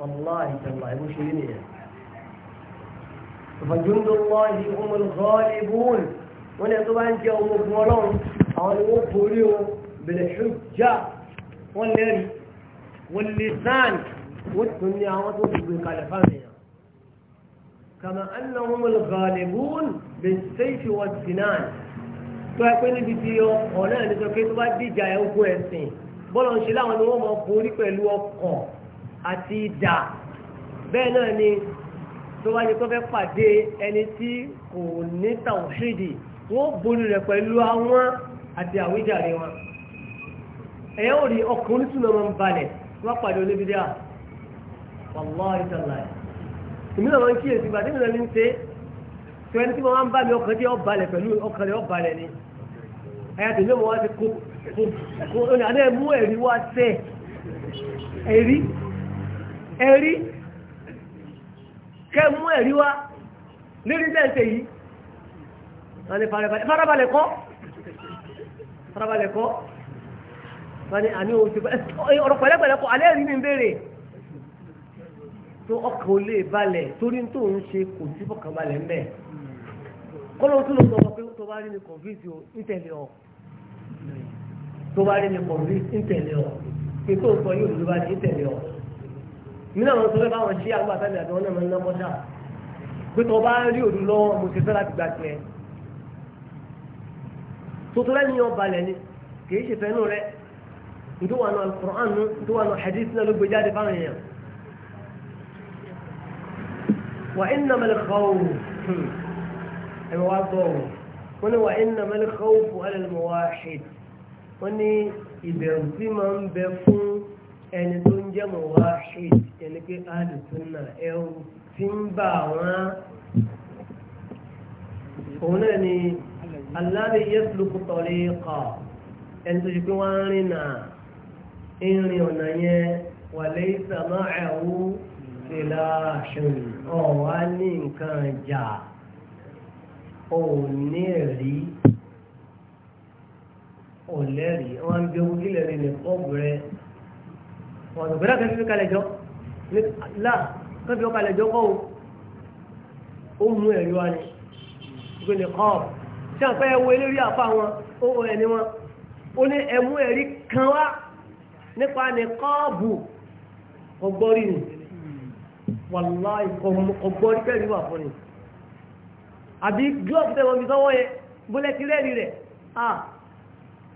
والله تالله يبوشريني فجند الله هم الغالبون ونعطب أنت يوم الغالبون أو يبوريهم بالحجة wọ́n lẹ́rìí wọ́n lè zan wọ́n tún ní àwọn tó ti gbé kalẹ̀ fáwọn èèyàn kàmá annahum al-ghalibun bis-sayfi was-sinan tó ẹ pé níbi tí ọ̀ náà ní sọ pé tó bá dìjà ẹ̀ ogun ẹ̀sìn bọ́lá ń ṣe láwọn ni wọ́n máa borí pẹ̀lú ọkọ̀ àti idà bẹ́ẹ̀ náà ni tó wá ní kó fẹ́ pàdé ẹni tí kò ní tàwọn ṣèdì wọ́n borí rẹ̀ pẹ̀lú àwọn àti àwíjàre wọn. ẹ̀yẹ́ ò rí ọkùn onítùnà máa ń balẹ̀ wọ́n pàdé oníbídíà wàláhì tàláhì èmi náà máa ń kíyèsí gbàdé mi náà ní ń ṣe tó ẹni tí wọ́n máa ń bá mi ọkàn tí ó balẹ̀ pẹ̀lú ọkàn wọ́n ti kó kó ọ̀nà wọ́n ní àní oṣù ọ̀rọ̀ pẹ̀lẹ́pẹ̀lẹ́ kọ́ alẹ́ rí mi béèrè tó ọkàn ò lè balẹ̀ torí tó ń ṣe kò sí fọkàn balẹ̀ ń bẹ̀ kọ́lọ́ tó lọ sọ pé tó bá rí mi kọ̀ǹfíìsì o ń tẹ̀lé ọ tó bá rí mi kọ̀ǹfíìsì ń tẹ̀lé ọ pé tó sọ yóò ló bá rí tẹ̀lé ọ mí náà wọn sọ pé báwọn ṣí àgbà tábìlì àti wọn náà máa ń lọ́mọ pé tó bá rí òdu lọ́wọ́ ntúwà nù alukur'an nù ntúwà nù hadith náà ló gbé jáde fáwọn èèyàn wà iná mẹlẹkọọ ẹ bẹ wá gbọ o wọn ni wà iná mẹlẹkọọ fún alẹlẹmọ wá ṣèd wọn ni ìbẹ̀rù tí máa ń bẹ fún ẹni tó ń jẹ́ mọ̀ wá ṣèd ẹni pé alùsùnà ẹrù tí ìrìn ọ̀nà yẹn wà lẹ́yìn sàmà ẹ̀wù ìlà ṣùn ọ̀wá ní nǹkan jà ò ní ẹ̀rí ò lẹ́rí wọ́n ń bí owó kílẹ̀ rí ní pọ́ọ̀bù rẹ wọ́n tó gbẹ́dá kẹ́kẹ́ kalẹ̀ jọ là kẹ́kẹ́ kalẹ̀ jọ kọ́ o ó mú ẹ̀rí wa ni ìpínlẹ̀ kọ́ọ̀bù ṣàpẹ́ ẹ̀wọ̀ eléré àfa wọn ó ẹni wọn ó ní ẹ̀mú ẹ̀rí kan wá nípa nìkọ́ọ̀bù ọgbọ́rí ni wàláì ọgbọ́rí pẹ̀lú wà fún ni àbí glove tẹ́wọ́n mi sọ́wọ́ yẹ bólẹ́ ti rẹ́ẹ̀rí rẹ̀ ah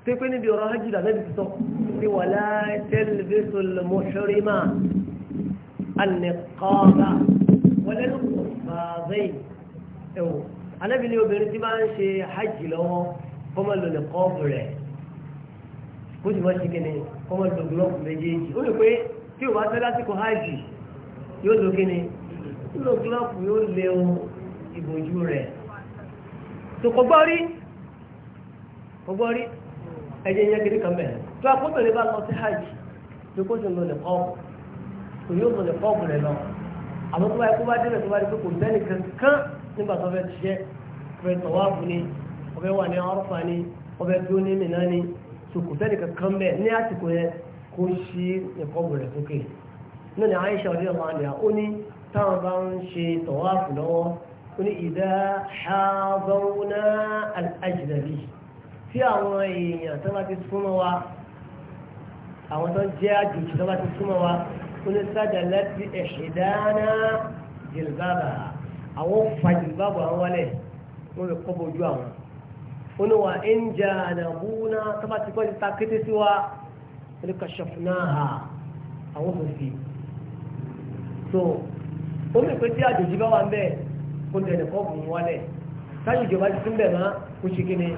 tó pé níbi ọ̀rọ̀ hajj dà lẹ́bi sọ ti wà láì tẹ́lifíṣọ lọ́mọ́ṣọ́rí máa anìkọ́ọ̀bà wọlé ló kò fàáfẹ́ ẹ̀wọ̀ anábìlẹ̀ obìnrin tí máa ń ṣe hajj lọ́wọ́ kọ́mọ rẹ̀ ó sì máa ṣe kíni kó máa lo búlọ́ọ̀kù méjèèjì ó lè pé tí o bá fẹ́ lásìkò hajj yóò lo kíni yóò lo búlọ́ọ̀kù yóò lé o ìbòjú rẹ̀ tó kò gbọ́ rí kò ẹ̀jẹ̀ yẹn kiri kan bẹ̀rẹ̀ tó akóbìnrin bá lọ sí hajj tó kó sì lọ lè kọ́ kò yóò lọ lè kọ́ ọ̀bù rẹ̀ lọ àmọ́ tó bá yẹ kó bá débẹ̀ tó bá rí pé kò sẹ́ni kankan nígbà tó fẹ́ ṣiṣẹ́ fẹ́ ni ọbẹ̀ wà ní ọ̀rọ̀fà ni ọbẹ̀ so kò sẹ́ni kankan bẹ́ẹ̀ ní àsìkò yẹn kó ṣí ẹ̀kọ́ bẹ̀rẹ̀ sókè náà ni Aisha ọdún ọmọ àlẹ́ ó ní táwọn bá ń ṣe tọ̀wáàfù lọ́wọ́ ó ní ìdá ṣàbọ̀wọ́nà àjìnàbí tí àwọn èèyàn tó bá ti súnmọ́ wa àwọn tó jẹ́ àjòjì tó ti súnmọ́ wa ó ní sájà láti ẹ̀ṣẹ̀dáná jìlbábà àwọn fàjìlbábà wọn wálẹ̀ wọn lè kọ́ bójú oníwà ẹnjà na tó bá ti kọ́ ti ta kété sí wa ẹni kàṣọ̀fù náà hà àwọn òfin so omi pé tí àjòjì bá wà ń bẹ̀ kó tẹ̀lé kọ́ bùn wálẹ̀ táyì ìjọba ti tún bẹ̀ mọ́ kó ṣe kíni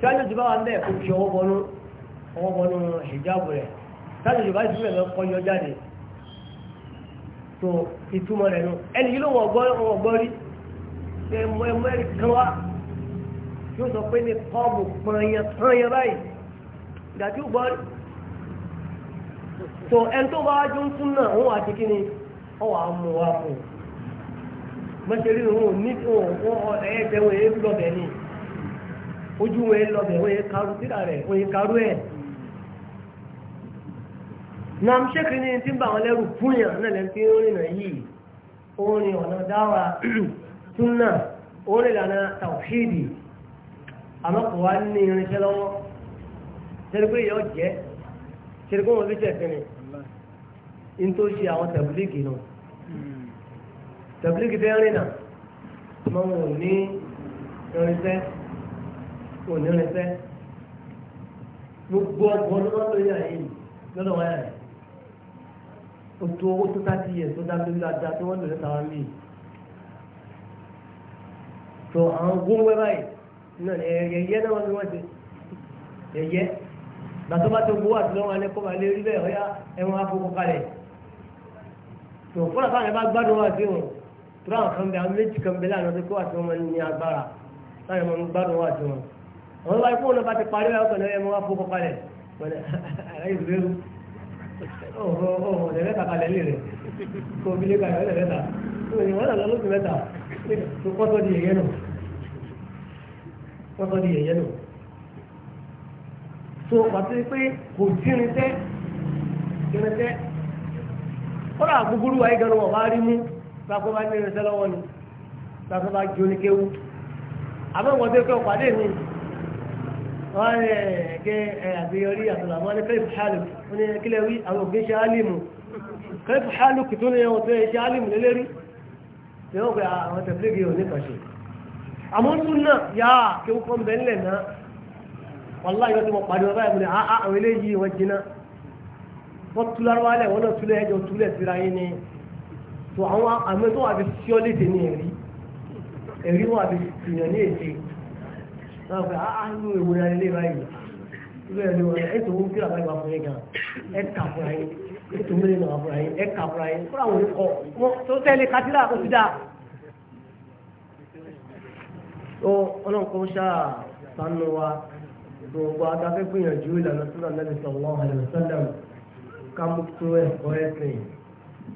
tí àjòjì bá wà ń bẹ̀ kó fi ọwọ́ bọnú ọwọ́ bọnú ìjáàbù rẹ̀ táyì ìjọba ti tún bẹ̀ mọ́ kọ́ yọ so ìtumọ̀ rẹ̀ nù ẹni yìí ló wọ̀ gbọ́ rí ẹ ẹmọ ẹ̀rí kan yóò sọ pé ní kọ́ọ̀mù pọ̀nyàn báyìí ìdájú gbọ́ tó ẹni tó bá ń tún náà kí ni ọwọ́ wa òun ní ẹ̀ẹ́dẹ̀ wọn èé lọ́bẹ̀ ni ojú wọn èé lọ́bẹ̀ wọn èé karú síra rẹ̀ wọn èé karú ẹ̀ nam ṣékiri ni ń wọn lẹ́rù náà lẹ́nu tí ó àmọ́ kò wá ní irinṣẹ́ lọ́wọ́ tẹ́lifí yọ jẹ́ tẹ́lifí wọn fi tẹ̀sí ni n tó ṣe àwọn tẹ̀bílíkì nù tẹ̀bílíkì tẹ́ rìn náà mọ wọn ò ní irinṣẹ́ wọn ò ní irinṣẹ́ gbogbo ọgbọ́n ló wọ́n lórí àyè yìí lọ́dọ̀ wọn yà rẹ̀ o tó owó tó tá ti yẹ tó dá lórí adá tó wọ́n lò lẹ́ta wọn mí tó àwọn gbóngbẹ́ báyìí náà ẹ̀yẹ náà wọ́n fi wọ́n ṣe ẹ̀yẹ gbàtọ́ bá tó gbowó àtúnlọ́wọ́ alẹ́ kọ́ máa lé rí bẹ́ẹ̀ ọ̀yá ẹ̀wọ̀n afọkọ kalẹ̀ tó fúnra fáwọn ẹ̀ bá gbádùn wá sí wọn tura àwọn kan bẹ àwọn méjì kan bẹ láàrin ọdún kó àti wọn ní agbára láàrin wọn gbádùn wá sí wọn àwọn bá ikú wọn bá ti parí ọkọ̀ náà ẹ̀wọ̀n afọkọ kalẹ̀ wọn ẹ̀ ẹ̀ ẹ̀ ìlú ọ̀hún ọ̀hún ọ̀dẹ̀mẹ́ta kalẹ̀ lè rẹ̀ kó o bí lé kalẹ̀ wọ́n sọ di yẹ̀yẹ́ nù so pàtó pé kò sí irinṣẹ́ irinṣẹ́ kọ́lá gbogbo wáyé gan wọn bá rí mú sáfẹ́ bá ní irinṣẹ́ lọ́wọ́ ni sáfẹ́ bá jó ní kéwú àbẹ̀wọ̀n tó kẹ́ ọ̀pàdé mi wọ́n rẹ̀ ẹ̀gẹ́ àgbéyọrí àtọ̀là wọn ni kẹ́lẹ́fù hálùkù wọn ni kílẹ̀ wí àwọn òbí ṣe álìmù kẹ́lẹ́fù hálùkù tó ní ẹ̀wọ̀n tó ṣe álìmù lélẹ́rí tí wọ́n pẹ̀ àwọn tẹ̀fílẹ́gì ò ní kàn ṣe àmọ́ tún náà yá kí ó kọ́ bẹ́ẹ̀ lẹ̀ náà wàlá yóò ti mọ̀ pàdé wọn báyìí mo ní àá àwọn eléyìí wọn jiná wọ́n tú lárúbá lẹ̀ wọ́n náà túlẹ̀ ẹjọ́ túlẹ̀ síra yín ni tó àwọn àmì tó wà fi ṣíọ́ léde ní ẹ̀rí ẹ̀rí wà fi tìyàn ní èdè náà fẹ́ àá ní ìwé ìwé ilé báyìí ìwé ìwé wọn ẹ̀ tó ń kíra báyìí wà fún yín gan ẹ̀ kà yín ẹ̀ tó ń mílíọ̀nù wà fúnra yín ẹ̀ kà yín fúnra wọn kọ tó tẹ́lẹ̀ katira kò ti dáa tó ọlọ́run kò ṣáà sánú wa gbogbo adáfẹ́ gbìyànjú ìlànà sílẹ̀ Nabi sallallahu alaihi wasallam kámútó ẹ̀kọ́ ẹ̀sìn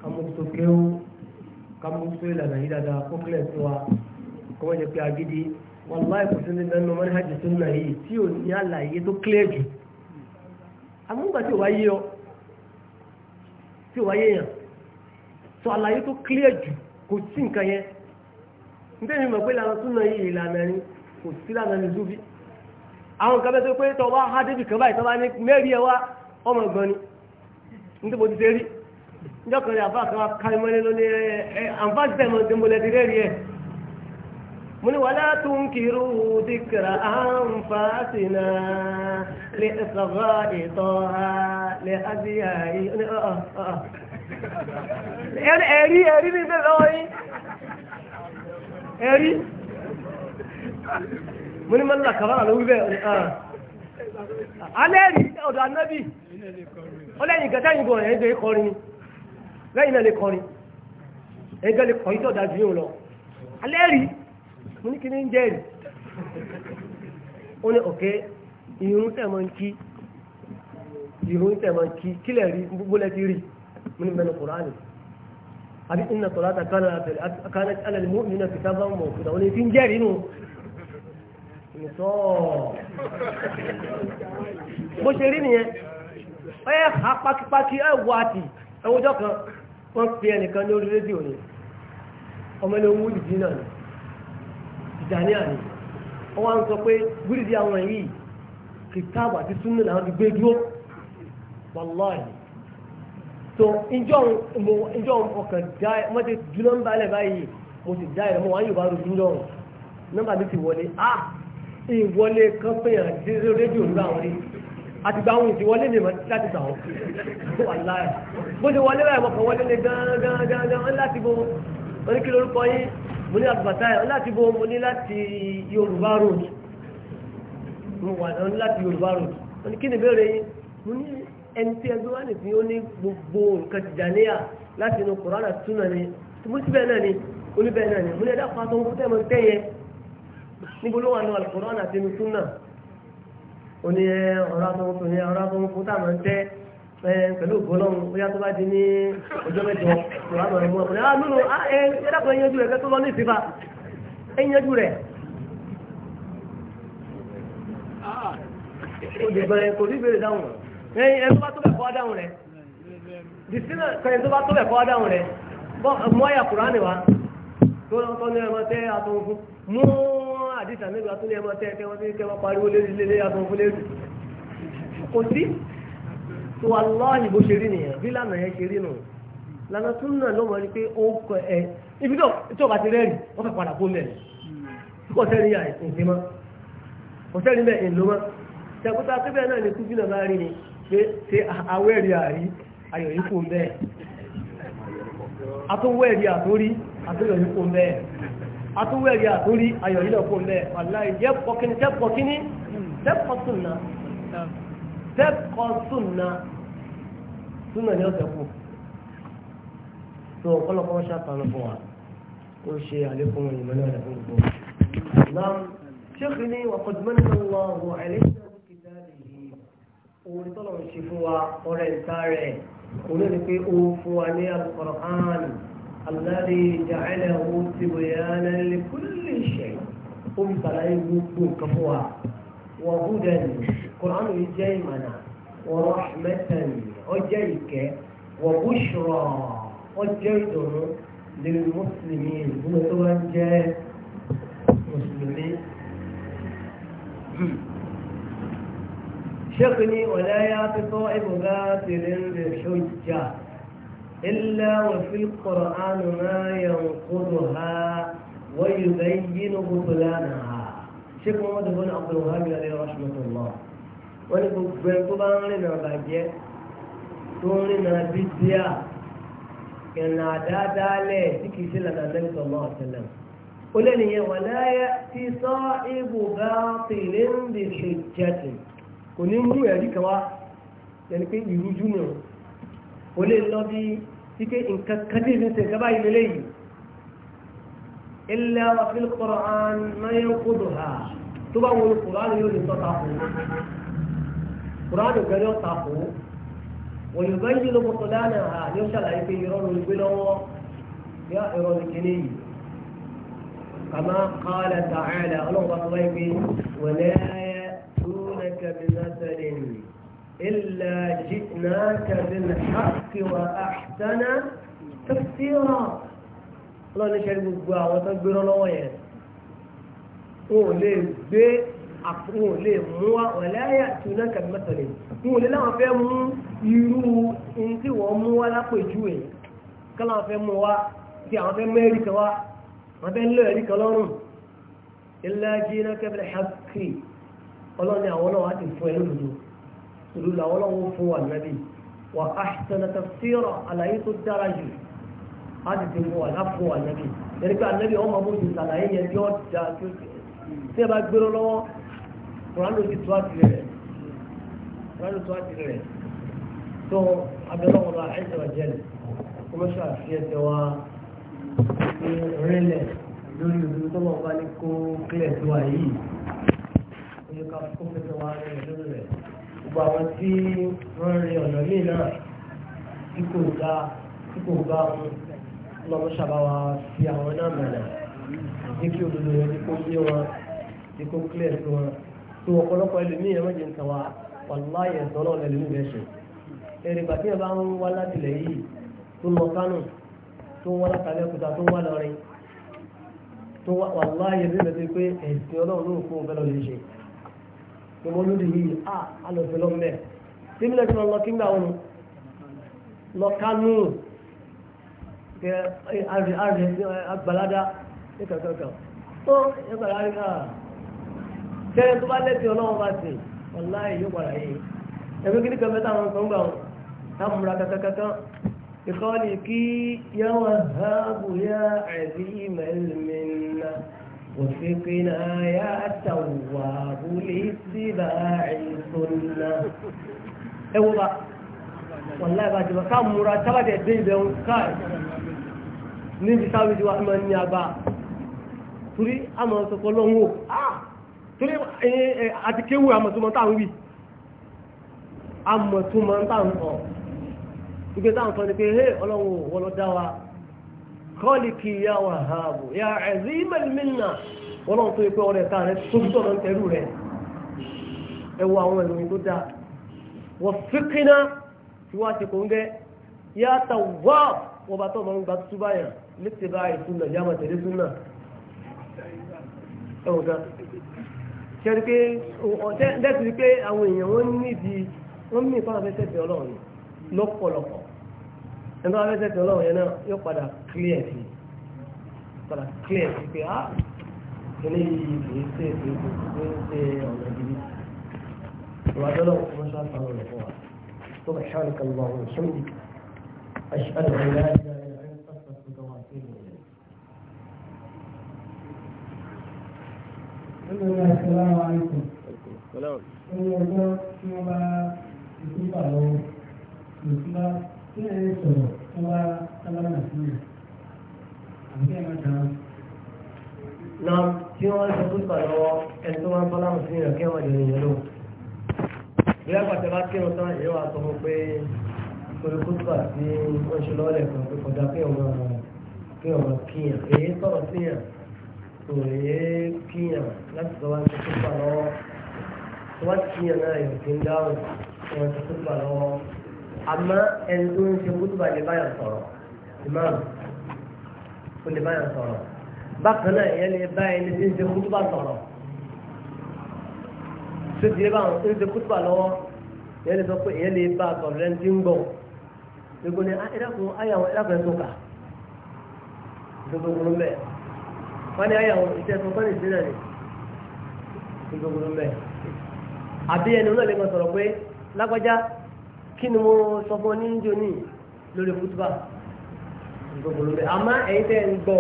kámútó kéwú kámútó ìlànà yìí dáadáa kókílẹ̀ tó wa kó wọ́n jẹ́ pé agídí wàláì kò sí nínú ẹnu manhaj sunna yìí tí ò ní àlàyé tó kílẹ̀ jù amúgbà tí ò wáyé ọ tí ò wáyé yàn sọ àlàyé tó kílẹ̀ jù kò sí nǹkan yẹn nítorí mọ̀ pé ìlànà súnà yìí ìlànà ni kò sí ìlànà ní zúbí àwọn kan bẹ́ẹ̀ tó pé tọ́ wá há débi kan báyìí tọ́ bá ní mẹ́rin ẹ̀ wá ọmọ ẹ̀gbọ́n ni nítorí mo ti ṣe rí níjọ́ kan ní àbá kan kárí mọ́lé lóní ẹ̀ àǹfààní tẹ̀ mọ́ tẹ̀mọ́lẹ̀ ti rẹ́rìí ẹ̀ mo ní wàlá tó ń kiri dìkìrà àǹfààní náà lè sọ̀rọ̀ ìtọ́ lè àbíyá yìí ẹ̀rí ẹ̀rí ní ìgbésọ̀ ẹ̀rí mo ní mọ́lá kàbára ló wí bẹ́ẹ̀ ah. alẹ́rì ọ̀dọ̀ anábì ọlẹ́yìn gẹ̀ẹ́ta yìí gan ẹgbẹ́ kọrin ni lẹ́yìn náà lè kọrin ẹgbẹ́ lè kọrin tó dájú yóò lọ alẹ́rì mo ní kí ní ń jẹ́rì ó ní ọ̀kẹ́ irun tẹ̀ mọ́ ń kí irun tẹ̀ mọ́ ń kí kílẹ̀ rí gbogbo lẹ́ ti rí mo ní mẹ́nu kùránì àbí iná tọ̀lá àtàkánà àkánà alẹ́lẹ́ mú nínú ẹ̀fẹ̀ sábà mọ̀ òkúta wọn ni fi ń jẹ́rì nù. bó ṣe rí nìyẹn ẹ ha pákípákí ẹ wọ àti ẹwọjọ kan wọn pe ẹnìkan ní orí rédíò ni ọmọ ilé owó ìdí náà ni ìdáni àná wọn wá ń sọ pé wíìdì àwọn yìí kìtàbù àti súnmù làwọn ti gbé dúró wàláhì so ìjọ mo ìjọ ọkàn já ẹ mo ti ju nọ́mbà lẹ báyìí mo ti já ẹ mo wá yorùbá rojú lọ nọ́mbà mi ti wọlé a ah! ìwọlé kan fẹyàn dé rédíò nígbà wọn rí àtìgbà àwọn ìdíwọlé mi mọ láti gbà wọn wà láyà bó ti wọlé báyìí mo kàn wọlé lé gángan láti bo oníkìlì orúkọ yín mo ní àbùbàtà láti bo mo ní láti yorùbá road mo wà láti yorùbá road oníkìlì bẹ́ẹ̀ rẹ̀ yín mo ní ẹni tí ẹgbẹ́ wá nìfín ó ní gbogbo nǹkan Tìjàníyà láti inú Kùránì àti Súnà ni mùsùlùmí náà ni olùbẹ̀ náà ni múlẹ̀ dáfà tó ń kú tẹ́mọ̀ tẹ́yẹ níbo ló wà ní Al-Kùránì àti inú Súnà ó ní ọ̀rọ̀ àtọ́wọ́n fún ní ọ̀rọ̀ àtọ́wọ́n fún táwọn ń tẹ́ pẹ̀lú ògbọ́lọ́run bóyá tó bá di ní ọjọ́ mẹ́jọ Kùránì ọ̀rọ̀ mú ọ̀pọ̀lọpọ̀ nínú ẹ̀dàpọ̀ ẹ̀yẹ́jú rẹ̀ kẹ́ tó lọ ní ìsìnfà ẹ̀yẹ́jú rẹ̀ ó dìgbà ẹ̀ kò rí ìbéèrè dáhùn ẹyin ẹni tó bá tó bẹ̀ kọ́ dáhùn rẹ̀ dìsínà kẹyìn tó bá tó bẹ̀ kọ́ dáhùn rẹ̀ mú àyà kùránì wa tó lọ́tọ́ ní ẹmọ tẹ́ àtọ̀nkú mú àdìsá mẹ́gbàá tó ní ẹmọ tẹ́ kẹwọn tí kẹwọn pariwo lérí lé àtọ̀nkú lérí kò sí tó wà lọ́ọ̀yìn bó ṣe rí nìyẹn bí lànà yẹn ṣe rí nù lànà tún náà ló mọ̀ ní pé ó kọ ẹ ibi tó tó bá ti rẹ́rì wọ́n fẹ́ padà fún mẹ́rin kò sẹ́ni yà ìsìn sí mọ́ kò sẹ́ni mẹ́ ìlú mọ́ tẹ̀kútà kébẹ̀ náà ní kújú ni pé ṣe awẹ́rí àrí ayọ̀ yìí kò bẹ́ẹ̀ atúwẹ́rí àtórí atúyọ̀ yìí kò bẹ́ẹ̀ atúwẹ́rí àtórí ayọ̀ yìí lọ́kò bẹ́ẹ̀ wàláì jẹ́ pọ̀kíní jẹ́ pọ̀kíní tẹ́kọ̀ súnà tẹ́kọ̀ súnà súnà ni ó tẹ́kù tó ọ̀pọ̀lọpọ̀ ṣàtàn fún ó ṣe àlékún ìmọ̀lẹ́ rẹ̀ fún tọ́lọ̀ ń ṣe fún wa ọ̀rẹ́ ìta rẹ̀ òun ni pé ó fún wa ní al-Qur'an alladhi ja'alahu tibyanan li kulli shay ó fi sàlàyé gbogbo nǹkan fún wa wa hudan Qur'an yìí jẹ́ ìmọ̀nà wa rahmatan ó jẹ́ ìkẹ́ wa bushra ó jẹ́ ìdùnnú lil muslimin ìgbìmọ̀ tó bá ń jẹ́ mùsùlùmí. شقني ولا يعطي صائب باطل بحجة إلا وفي القرآن ما ينقضها ويبين بطلانها شيخ محمد بن عبد الوهاب عليه رحمة الله ونقول طبعا لنا باجي توننا بديا كان عدادا ليه تكي سلة النبي صلى الله عليه وسلم قلني ولا يأتي صائب باطل بحجته kò ní mú ẹ̀rí kan wá yẹni pé ìrújú nù ó lè lọ bí wípé nǹkan kan tí ìsinsin nǹkan báyìí lélẹ̀ yìí ilẹ̀ wa fi Qur'an máa ń kódò ha tó bá wọn Qur'an yóò lè tọ́ta kù Qur'an gẹ́rẹ́ ọ̀ta kù ربك بمثل إلا جئناك بالحق وأحسن تفسيرا الله نشهد بقوا وتكبر الله wọn lè gbé wọn lè mú wa ọ̀láyà tí wọn kàbí mẹ́tọ̀lẹ̀ wọn lè láwọn fẹ́ mú irú ohun tí wọ́n mú wa lápèjú ẹ̀ káláwọn fẹ́ mú wa tí àwọn fẹ́ mẹ́rin kan wa àwọn fẹ́ lọ ẹ̀rí kan lọ́rùn ilé ajé náà kẹ́bẹ̀rẹ̀ hàkì ọlọ́run ní àwọn náà á ti fún ẹ lódodo òdodo àwọn náà wọ́n fún wa nàbí wà á sẹ̀nẹ̀tà fíọ̀rọ̀ àlàyé tó dára jù á ti ti fún wa náà fún wa nàbí yẹn pé ànábì àwọn ọmọ mọ́tò sàlàyé yẹn tí ó da tí ẹ bá gbéró lọ́wọ́ kùrán ló ti tó àtìrẹ rẹ̀ kùrán ló tó àtìrẹ rẹ̀ tó abẹ́rẹ́ wọn lọ àìsàn àjẹlẹ̀ kọmọṣọ àfihàn tẹ wá rẹlẹ̀ lórí òdodo tó lọ́wọ́ bá ní kó kílẹ̀ tó wà yìí jẹ́ ká kó fẹ́fẹ́ wá rẹ̀ lórí rẹ̀ gbogbo àwọn tí wọ́n rin ọ̀nà míì náà tí kò dá tí kò bá wọn lọ́wọ́ ṣàbáwá fi àwọn náà mẹ́rẹ̀ jẹ́ kí òdodo yẹn ti kó gbé wọn ti kó clear sí wọn tó ọ̀pọ̀lọpọ̀ ẹlòmíì ẹ̀ mọ́jẹ̀ ń tàn wá wàláyé ẹ̀sán náà lẹ́lòmíì bẹ́ẹ̀ ṣe èrìgbà tí ẹ bá ń wá látìlẹ̀ yìí tó lọ kánò tó wá látàlẹ́kùtà tó wá lọ́rin tó wà láàyè bí mẹ́tẹ́ pé ẹ̀sìn ọlọ́run ló fún pé mo lóde yìí a alòfin lọ mẹ tèmi lẹsẹ lọ lọ kíngà wọn lọ kánú kẹ àrè àrè àgbàládá ní kankankan tó ẹgbàlá rí káà kẹrin tó bá lẹsẹ Ọlọ́run bá sè ọlá yóò padà yìí ẹgbẹ kí ni kẹfẹ táwọn kan gbà wọn táwọn múra kankankan. بقولك يا وهاب يا عظيم المنه وفقنا يا تواب لاتباع السنة ايوه والله باجي بقى مراتبة الدين بيوم كاي níbi sáwìdí wa máa ní agbá torí àmọ́ ọ̀sọ̀kọ́ lọ́wọ́ torí àti kéwù àmọ̀túnmọ̀ táà ń wí àmọ̀túnmọ̀ táà ń sọ ìgbé táà ń sọ ni kọ́lìkì ya wàhábù ya azimal minna ọlọ́run tó yẹ pé ọrẹ ta rẹ sókítọ̀ lọ tẹ̀rù rẹ ẹ wo àwọn ìròyìn tó dáa wọ́n fíkínà tí wọ́n ti kò ń gẹ́ ya tawwab wọ́n bá tọ́ ọmọ nígbà tuntun báyà létí báyà sunna ya máa tẹ̀lé sunna ẹ wò gan ṣẹ́ni pé ọ̀tẹ́ dẹ́sí pé àwọn èèyàn wọ́n nídìí wọ́n mí ìfọ̀nàfẹ́sẹ̀ bẹ̀ ọlọ́run ẹni tó wá fẹ́ tẹ̀sí ọlọ́run yẹn náà yóò padà clear sí padà clear sí pé ah kíní yìí kìí ṣe èsì kò ṣe ọ̀nà gidi ìwà tó lọ́wọ́ fún ṣáà sọ̀rọ̀ rẹ̀ fún wa tó bá ṣáà nìkan lọ́wọ́ rẹ̀ sóyè aṣáà nìkan lọ́wọ́ rẹ̀ Assalamu alaikum. Ẹni ọjọ́ tí wọ́n bá ìtúbà lọ́wọ́, ìtúbà tí ẹ̀ ń sọ̀rọ̀ kó wá sálámà sí rẹ̀ àbí ẹ̀ má dáná. na tí wọ́n ṣe pípa lọ́wọ́ ẹni tó máa ń sálámà sí rẹ̀ kẹwàá lè yẹn lò. bí àgbàtà bá kírun tán èyí wà sọ fún pé torí kútùbà tí wọ́n ṣe lọ́ọ́lẹ̀ kan pé kọjá pé ọmọ pé ọmọ kíyàn èyí sọ̀rọ̀ síyàn kò èyí kíyàn láti àmọ́ ẹni tó ń ṣe kútùbà lè báyọ̀ sọ̀rọ̀ ìmáàmù ó lè báyọ̀ sọ̀rọ̀ bákan náà ìyẹn lè bá ẹni tí ń ṣe kútùbà sọ̀rọ̀ tó ti lè bá àwọn tó ń ṣe kútùbà lọ́wọ́ ìyẹn lè sọ pé ìyẹn lè bá sọ̀rọ̀ lẹ́ni tí ń gbọ̀ gbogbo ni ẹ̀dàkùn ayàwó ẹ̀dàkùn ẹ̀ tó kà gbogbo bẹ́ẹ̀ wọ́n ní ayàwó iṣẹ́ tó kí ni mo sọ fún ọ ní jóni lórí fútbà gbogbo lórí àmọ́ ẹ̀yin tẹ́ ń gbọ́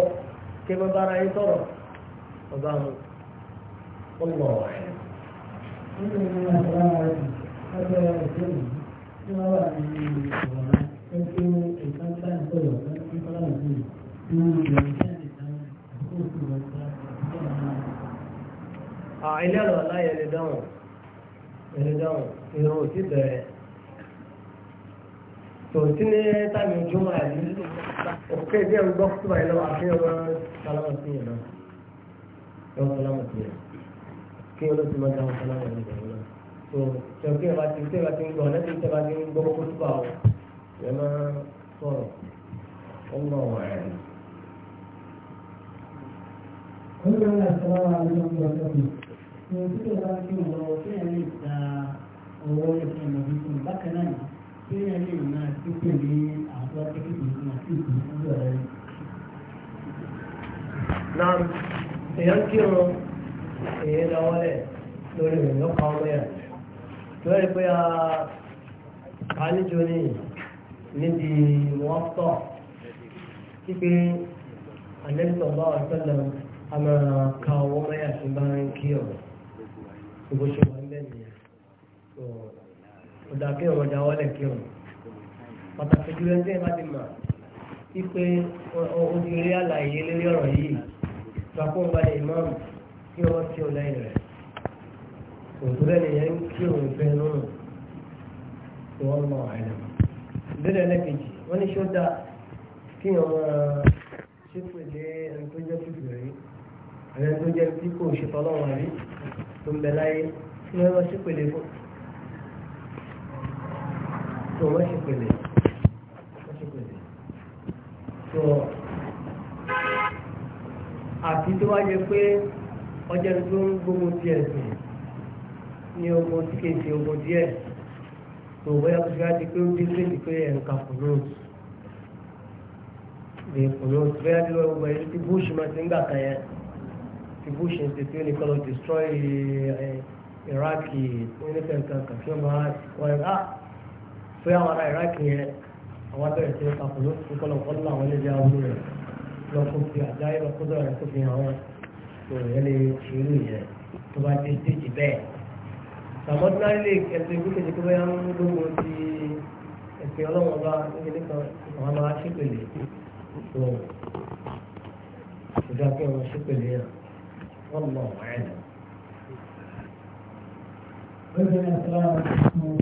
kí ẹ máa bára yín sọ̀rọ̀ ọba mu ọmọ ọ̀hẹ́. Àìlẹ́rọ̀ láyé ẹni dáhùn, ẹni dáhùn, irun ò sí bẹ̀rẹ̀ tó tí ní táìmì ìjọba àbí òkè bí ẹ̀rù gbọ́ kúrò àìlọ́ àfihàn wọn sálámà sí yẹn náà lọ́wọ́ sálámà sí yẹn kí wọ́n ló ti máa dáhùn sálámà ní ìgbà náà tó tó kí ẹ̀rọ àti ìṣẹ́ àti ìgbà ọ̀nà tí ìṣẹ́ àti ìgbà ọkọ̀ tó bá wọn yẹn máa sọ̀rọ̀ ọmọ wọn ẹ̀ Olùdarí àtàwọn àlejò ń bọ̀ sọ́kùn. Ìwọ̀n tí kò bá kí wọ́n lọ sí ẹ̀rí ìta owó ìfẹ́ ìmọ̀ tuntun bákan náà téèyàn lè máa tó tẹ̀lé àwọn akékèké àti ìgbìmọ̀ rẹ̀. náà èèyàn kírun èèyàn lọ́wọ́lẹ̀ lórí rẹ̀ lọ́kọ̀ ọmọ yẹn lórí pé a níjọ ní níbi wọ́n tọ̀ pípé àlẹ́sọ̀ bá wà sọ́dọ̀ a máa ka ọwọ́ mẹ́yà tí bá ń kí ọ̀rọ̀ ìbò ṣe wà nìyẹn ọ̀dà kí ọ̀rọ̀ ọ̀dà wọlé kí ọ̀rọ̀ pàtàkì jùlọ ẹni tí ẹ bá ti mà wípé ojú rí àlàyé lórí ọ̀rọ̀ yìí gbàgbọ́ balẹ̀ ìmọ̀ràn kí ọwọ́ tí ó lẹ́yìn rẹ̀ òtúrẹ́ nìyẹn kí òun fẹ́ lọ́rùn tí wọ́n mọ àìlẹ̀ ìbéèrè ẹlẹ́kejì wọ́n ní ṣó dáa kí ọmọ ṣépèlé ẹni tó jẹ́ fífì rí ẹni tó jẹ́ tí kò ṣe tọ́lọ́wọ́n tó ń bẹ láyé kí wọ́n lọ ṣépèlé fún tó wọ́n ṣe pẹ̀lẹ́ wọ́n ṣe pẹ̀lẹ́ tó àti tó wáyé pé ọjà tó ń gbógun ti ẹ̀sìn ní ogun tí kìí ṣe ogun díẹ̀ tó bóyá kó ṣe á di pé ó dé sí pé ẹ̀ǹkà fòlóòtù lè fòlóòtù bóyá tí wọ́n gbọ́ ti bush máa ti ń gbà kan bush ń ṣe tí ó ní kọ́ lọ destroy eh, Iraq ní nǹkan kan ah pé àwọn ará iraq yẹn àwọn abẹ́rẹ́ tí ó papọ̀ ló fi kọ́lọ̀ kọ́lọ̀ àwọn ẹlẹ́dẹ̀ àbúrò rẹ̀ lọ kó fi àdáyé lọ kó dọ̀rọ̀ rẹ̀ kó fi hàn wọ́n tó rẹ̀ lè ṣerú yẹn tó bá dé stéèjì bẹ́ẹ̀. sàmọ́tìlá ilé ẹ̀sìn ìgbésẹ̀ ti kébé yẹn ń lówó ti ẹ̀sìn ọlọ́wọ́ bá níbi kan àwọn máa ṣépèlè tó ìdá pé wọn ṣépèlè yẹn wọ́n mọ̀ wáyé náà. Thank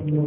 you.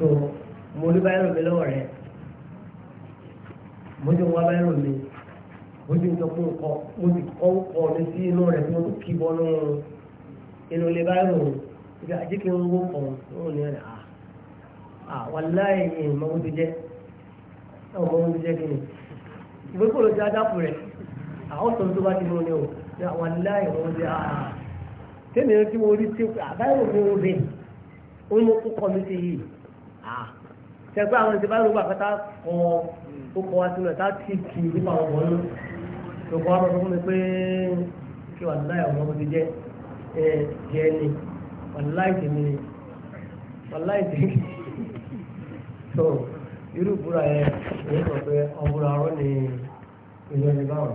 so mo ní báyìí rò mí lọ́wọ́ rẹ̀ mo ti wá báyìí rò mí mo ti sọ fún nǹkan mo ti kọ́ nǹkan mi sí inú rẹ̀ tí mo kí bọ́nú inú ilé báyìí rò ìgbà ajé kí n wó kàn ó ní ẹ̀ à wà láì ìyìn mọ́ ti jẹ́ ẹ̀ mọ́ ti jẹ́ kí ni ìwé kò lọ sí adápò rẹ̀ àwọn sọ̀rọ̀ tó bá ti mú ni o wà láì mọ́ ti à ah, ah. tẹ́lẹ̀ tí mo rí tí àbáyọ̀ mi ò rè ó ní mo mi sí yìí. Ah. ṣẹgbẹ́ àwọn ìṣẹ̀bá yorùbá àfẹ́tà kọ́ ó kọ́ wá tá ti kì í nípa ọ̀pọ̀ ọ̀nù lọ́kọ́ wọn fún mi pé kí wà láyà ọ̀nà ọmọdé jẹ́ ẹ jẹ́ ni wà láì tèmi ni wà láì tèmi tó irú ìbúra yẹn èyí sọ pé ọ̀bùra ọ̀rọ̀ ni ìyẹn ní báwọn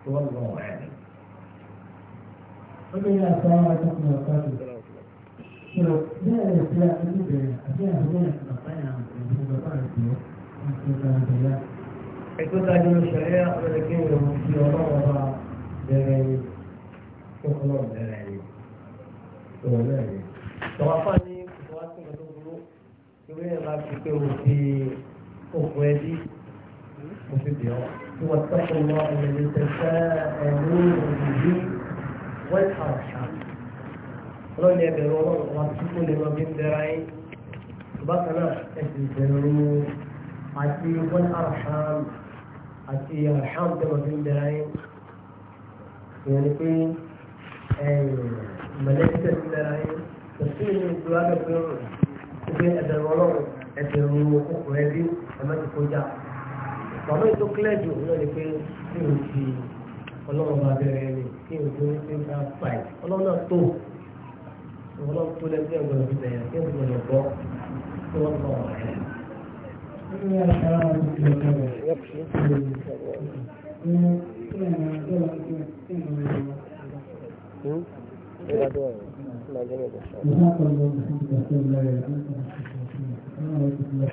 tó wọ́n lọ wọ̀ ẹ́. ó lè yà sọ́wọ́n àti ọkùnrin ọ̀ká tó. So there is there any there there is there a plan to the party to the idea. Ẹgbẹ́ ta ni ṣẹlẹ̀ ọ̀rẹ́ kí ni òun fi ọlọ́wọ́ bá bẹ̀rẹ̀ ni tó kọ́ bẹ̀rẹ̀ ni tó bẹ̀rẹ̀ ni. Tọ́wọ́ fà ní ìfọwọ́ sí ọdún burú ìwé yẹn bá fi pé òun fi òkun ẹbí òfin bìọ́. Wọ́n tọ́kùn lọ́wọ́ ẹ̀rẹ́ tẹ̀sán ẹ̀rú òbí wẹ́ẹ̀kà ọ̀ṣà ọlọ́ni ẹbẹ̀rún ọlọ́run wa tí kò lè lọ bí ń bẹ̀rẹ̀ ayé bákan náà ẹ̀sìn ìbẹ̀rù àti wọn arham àti arham tẹ̀wọ̀ bí ń bẹ̀rẹ̀ ayé ìyẹn ni pé mọ̀lẹ́bí tẹ̀ ń bẹ̀rẹ̀ ayé tẹ̀sí ní ìlú abẹ́fẹ́ ìgbé ẹbẹ̀rún ọlọ́run ẹbẹ̀rún okùnkùn ẹbí ẹ̀mẹ́tìkọjá màmá ètò kílẹ̀ jù náà ni pé kí n fi ọlọ́run bá bẹ̀rẹ̀ ẹni kí n fi ń fi ń bá pa ẹ̀ ọlọ́run náà tó ọlọ́run tó lẹ́sẹ̀ ọ̀gbọ̀n fi bẹ̀rẹ̀ kí ẹ̀sìn ọ̀gbọ̀n gbọ́ tó wọ́n mọ̀ ọ̀rẹ́. Hmm?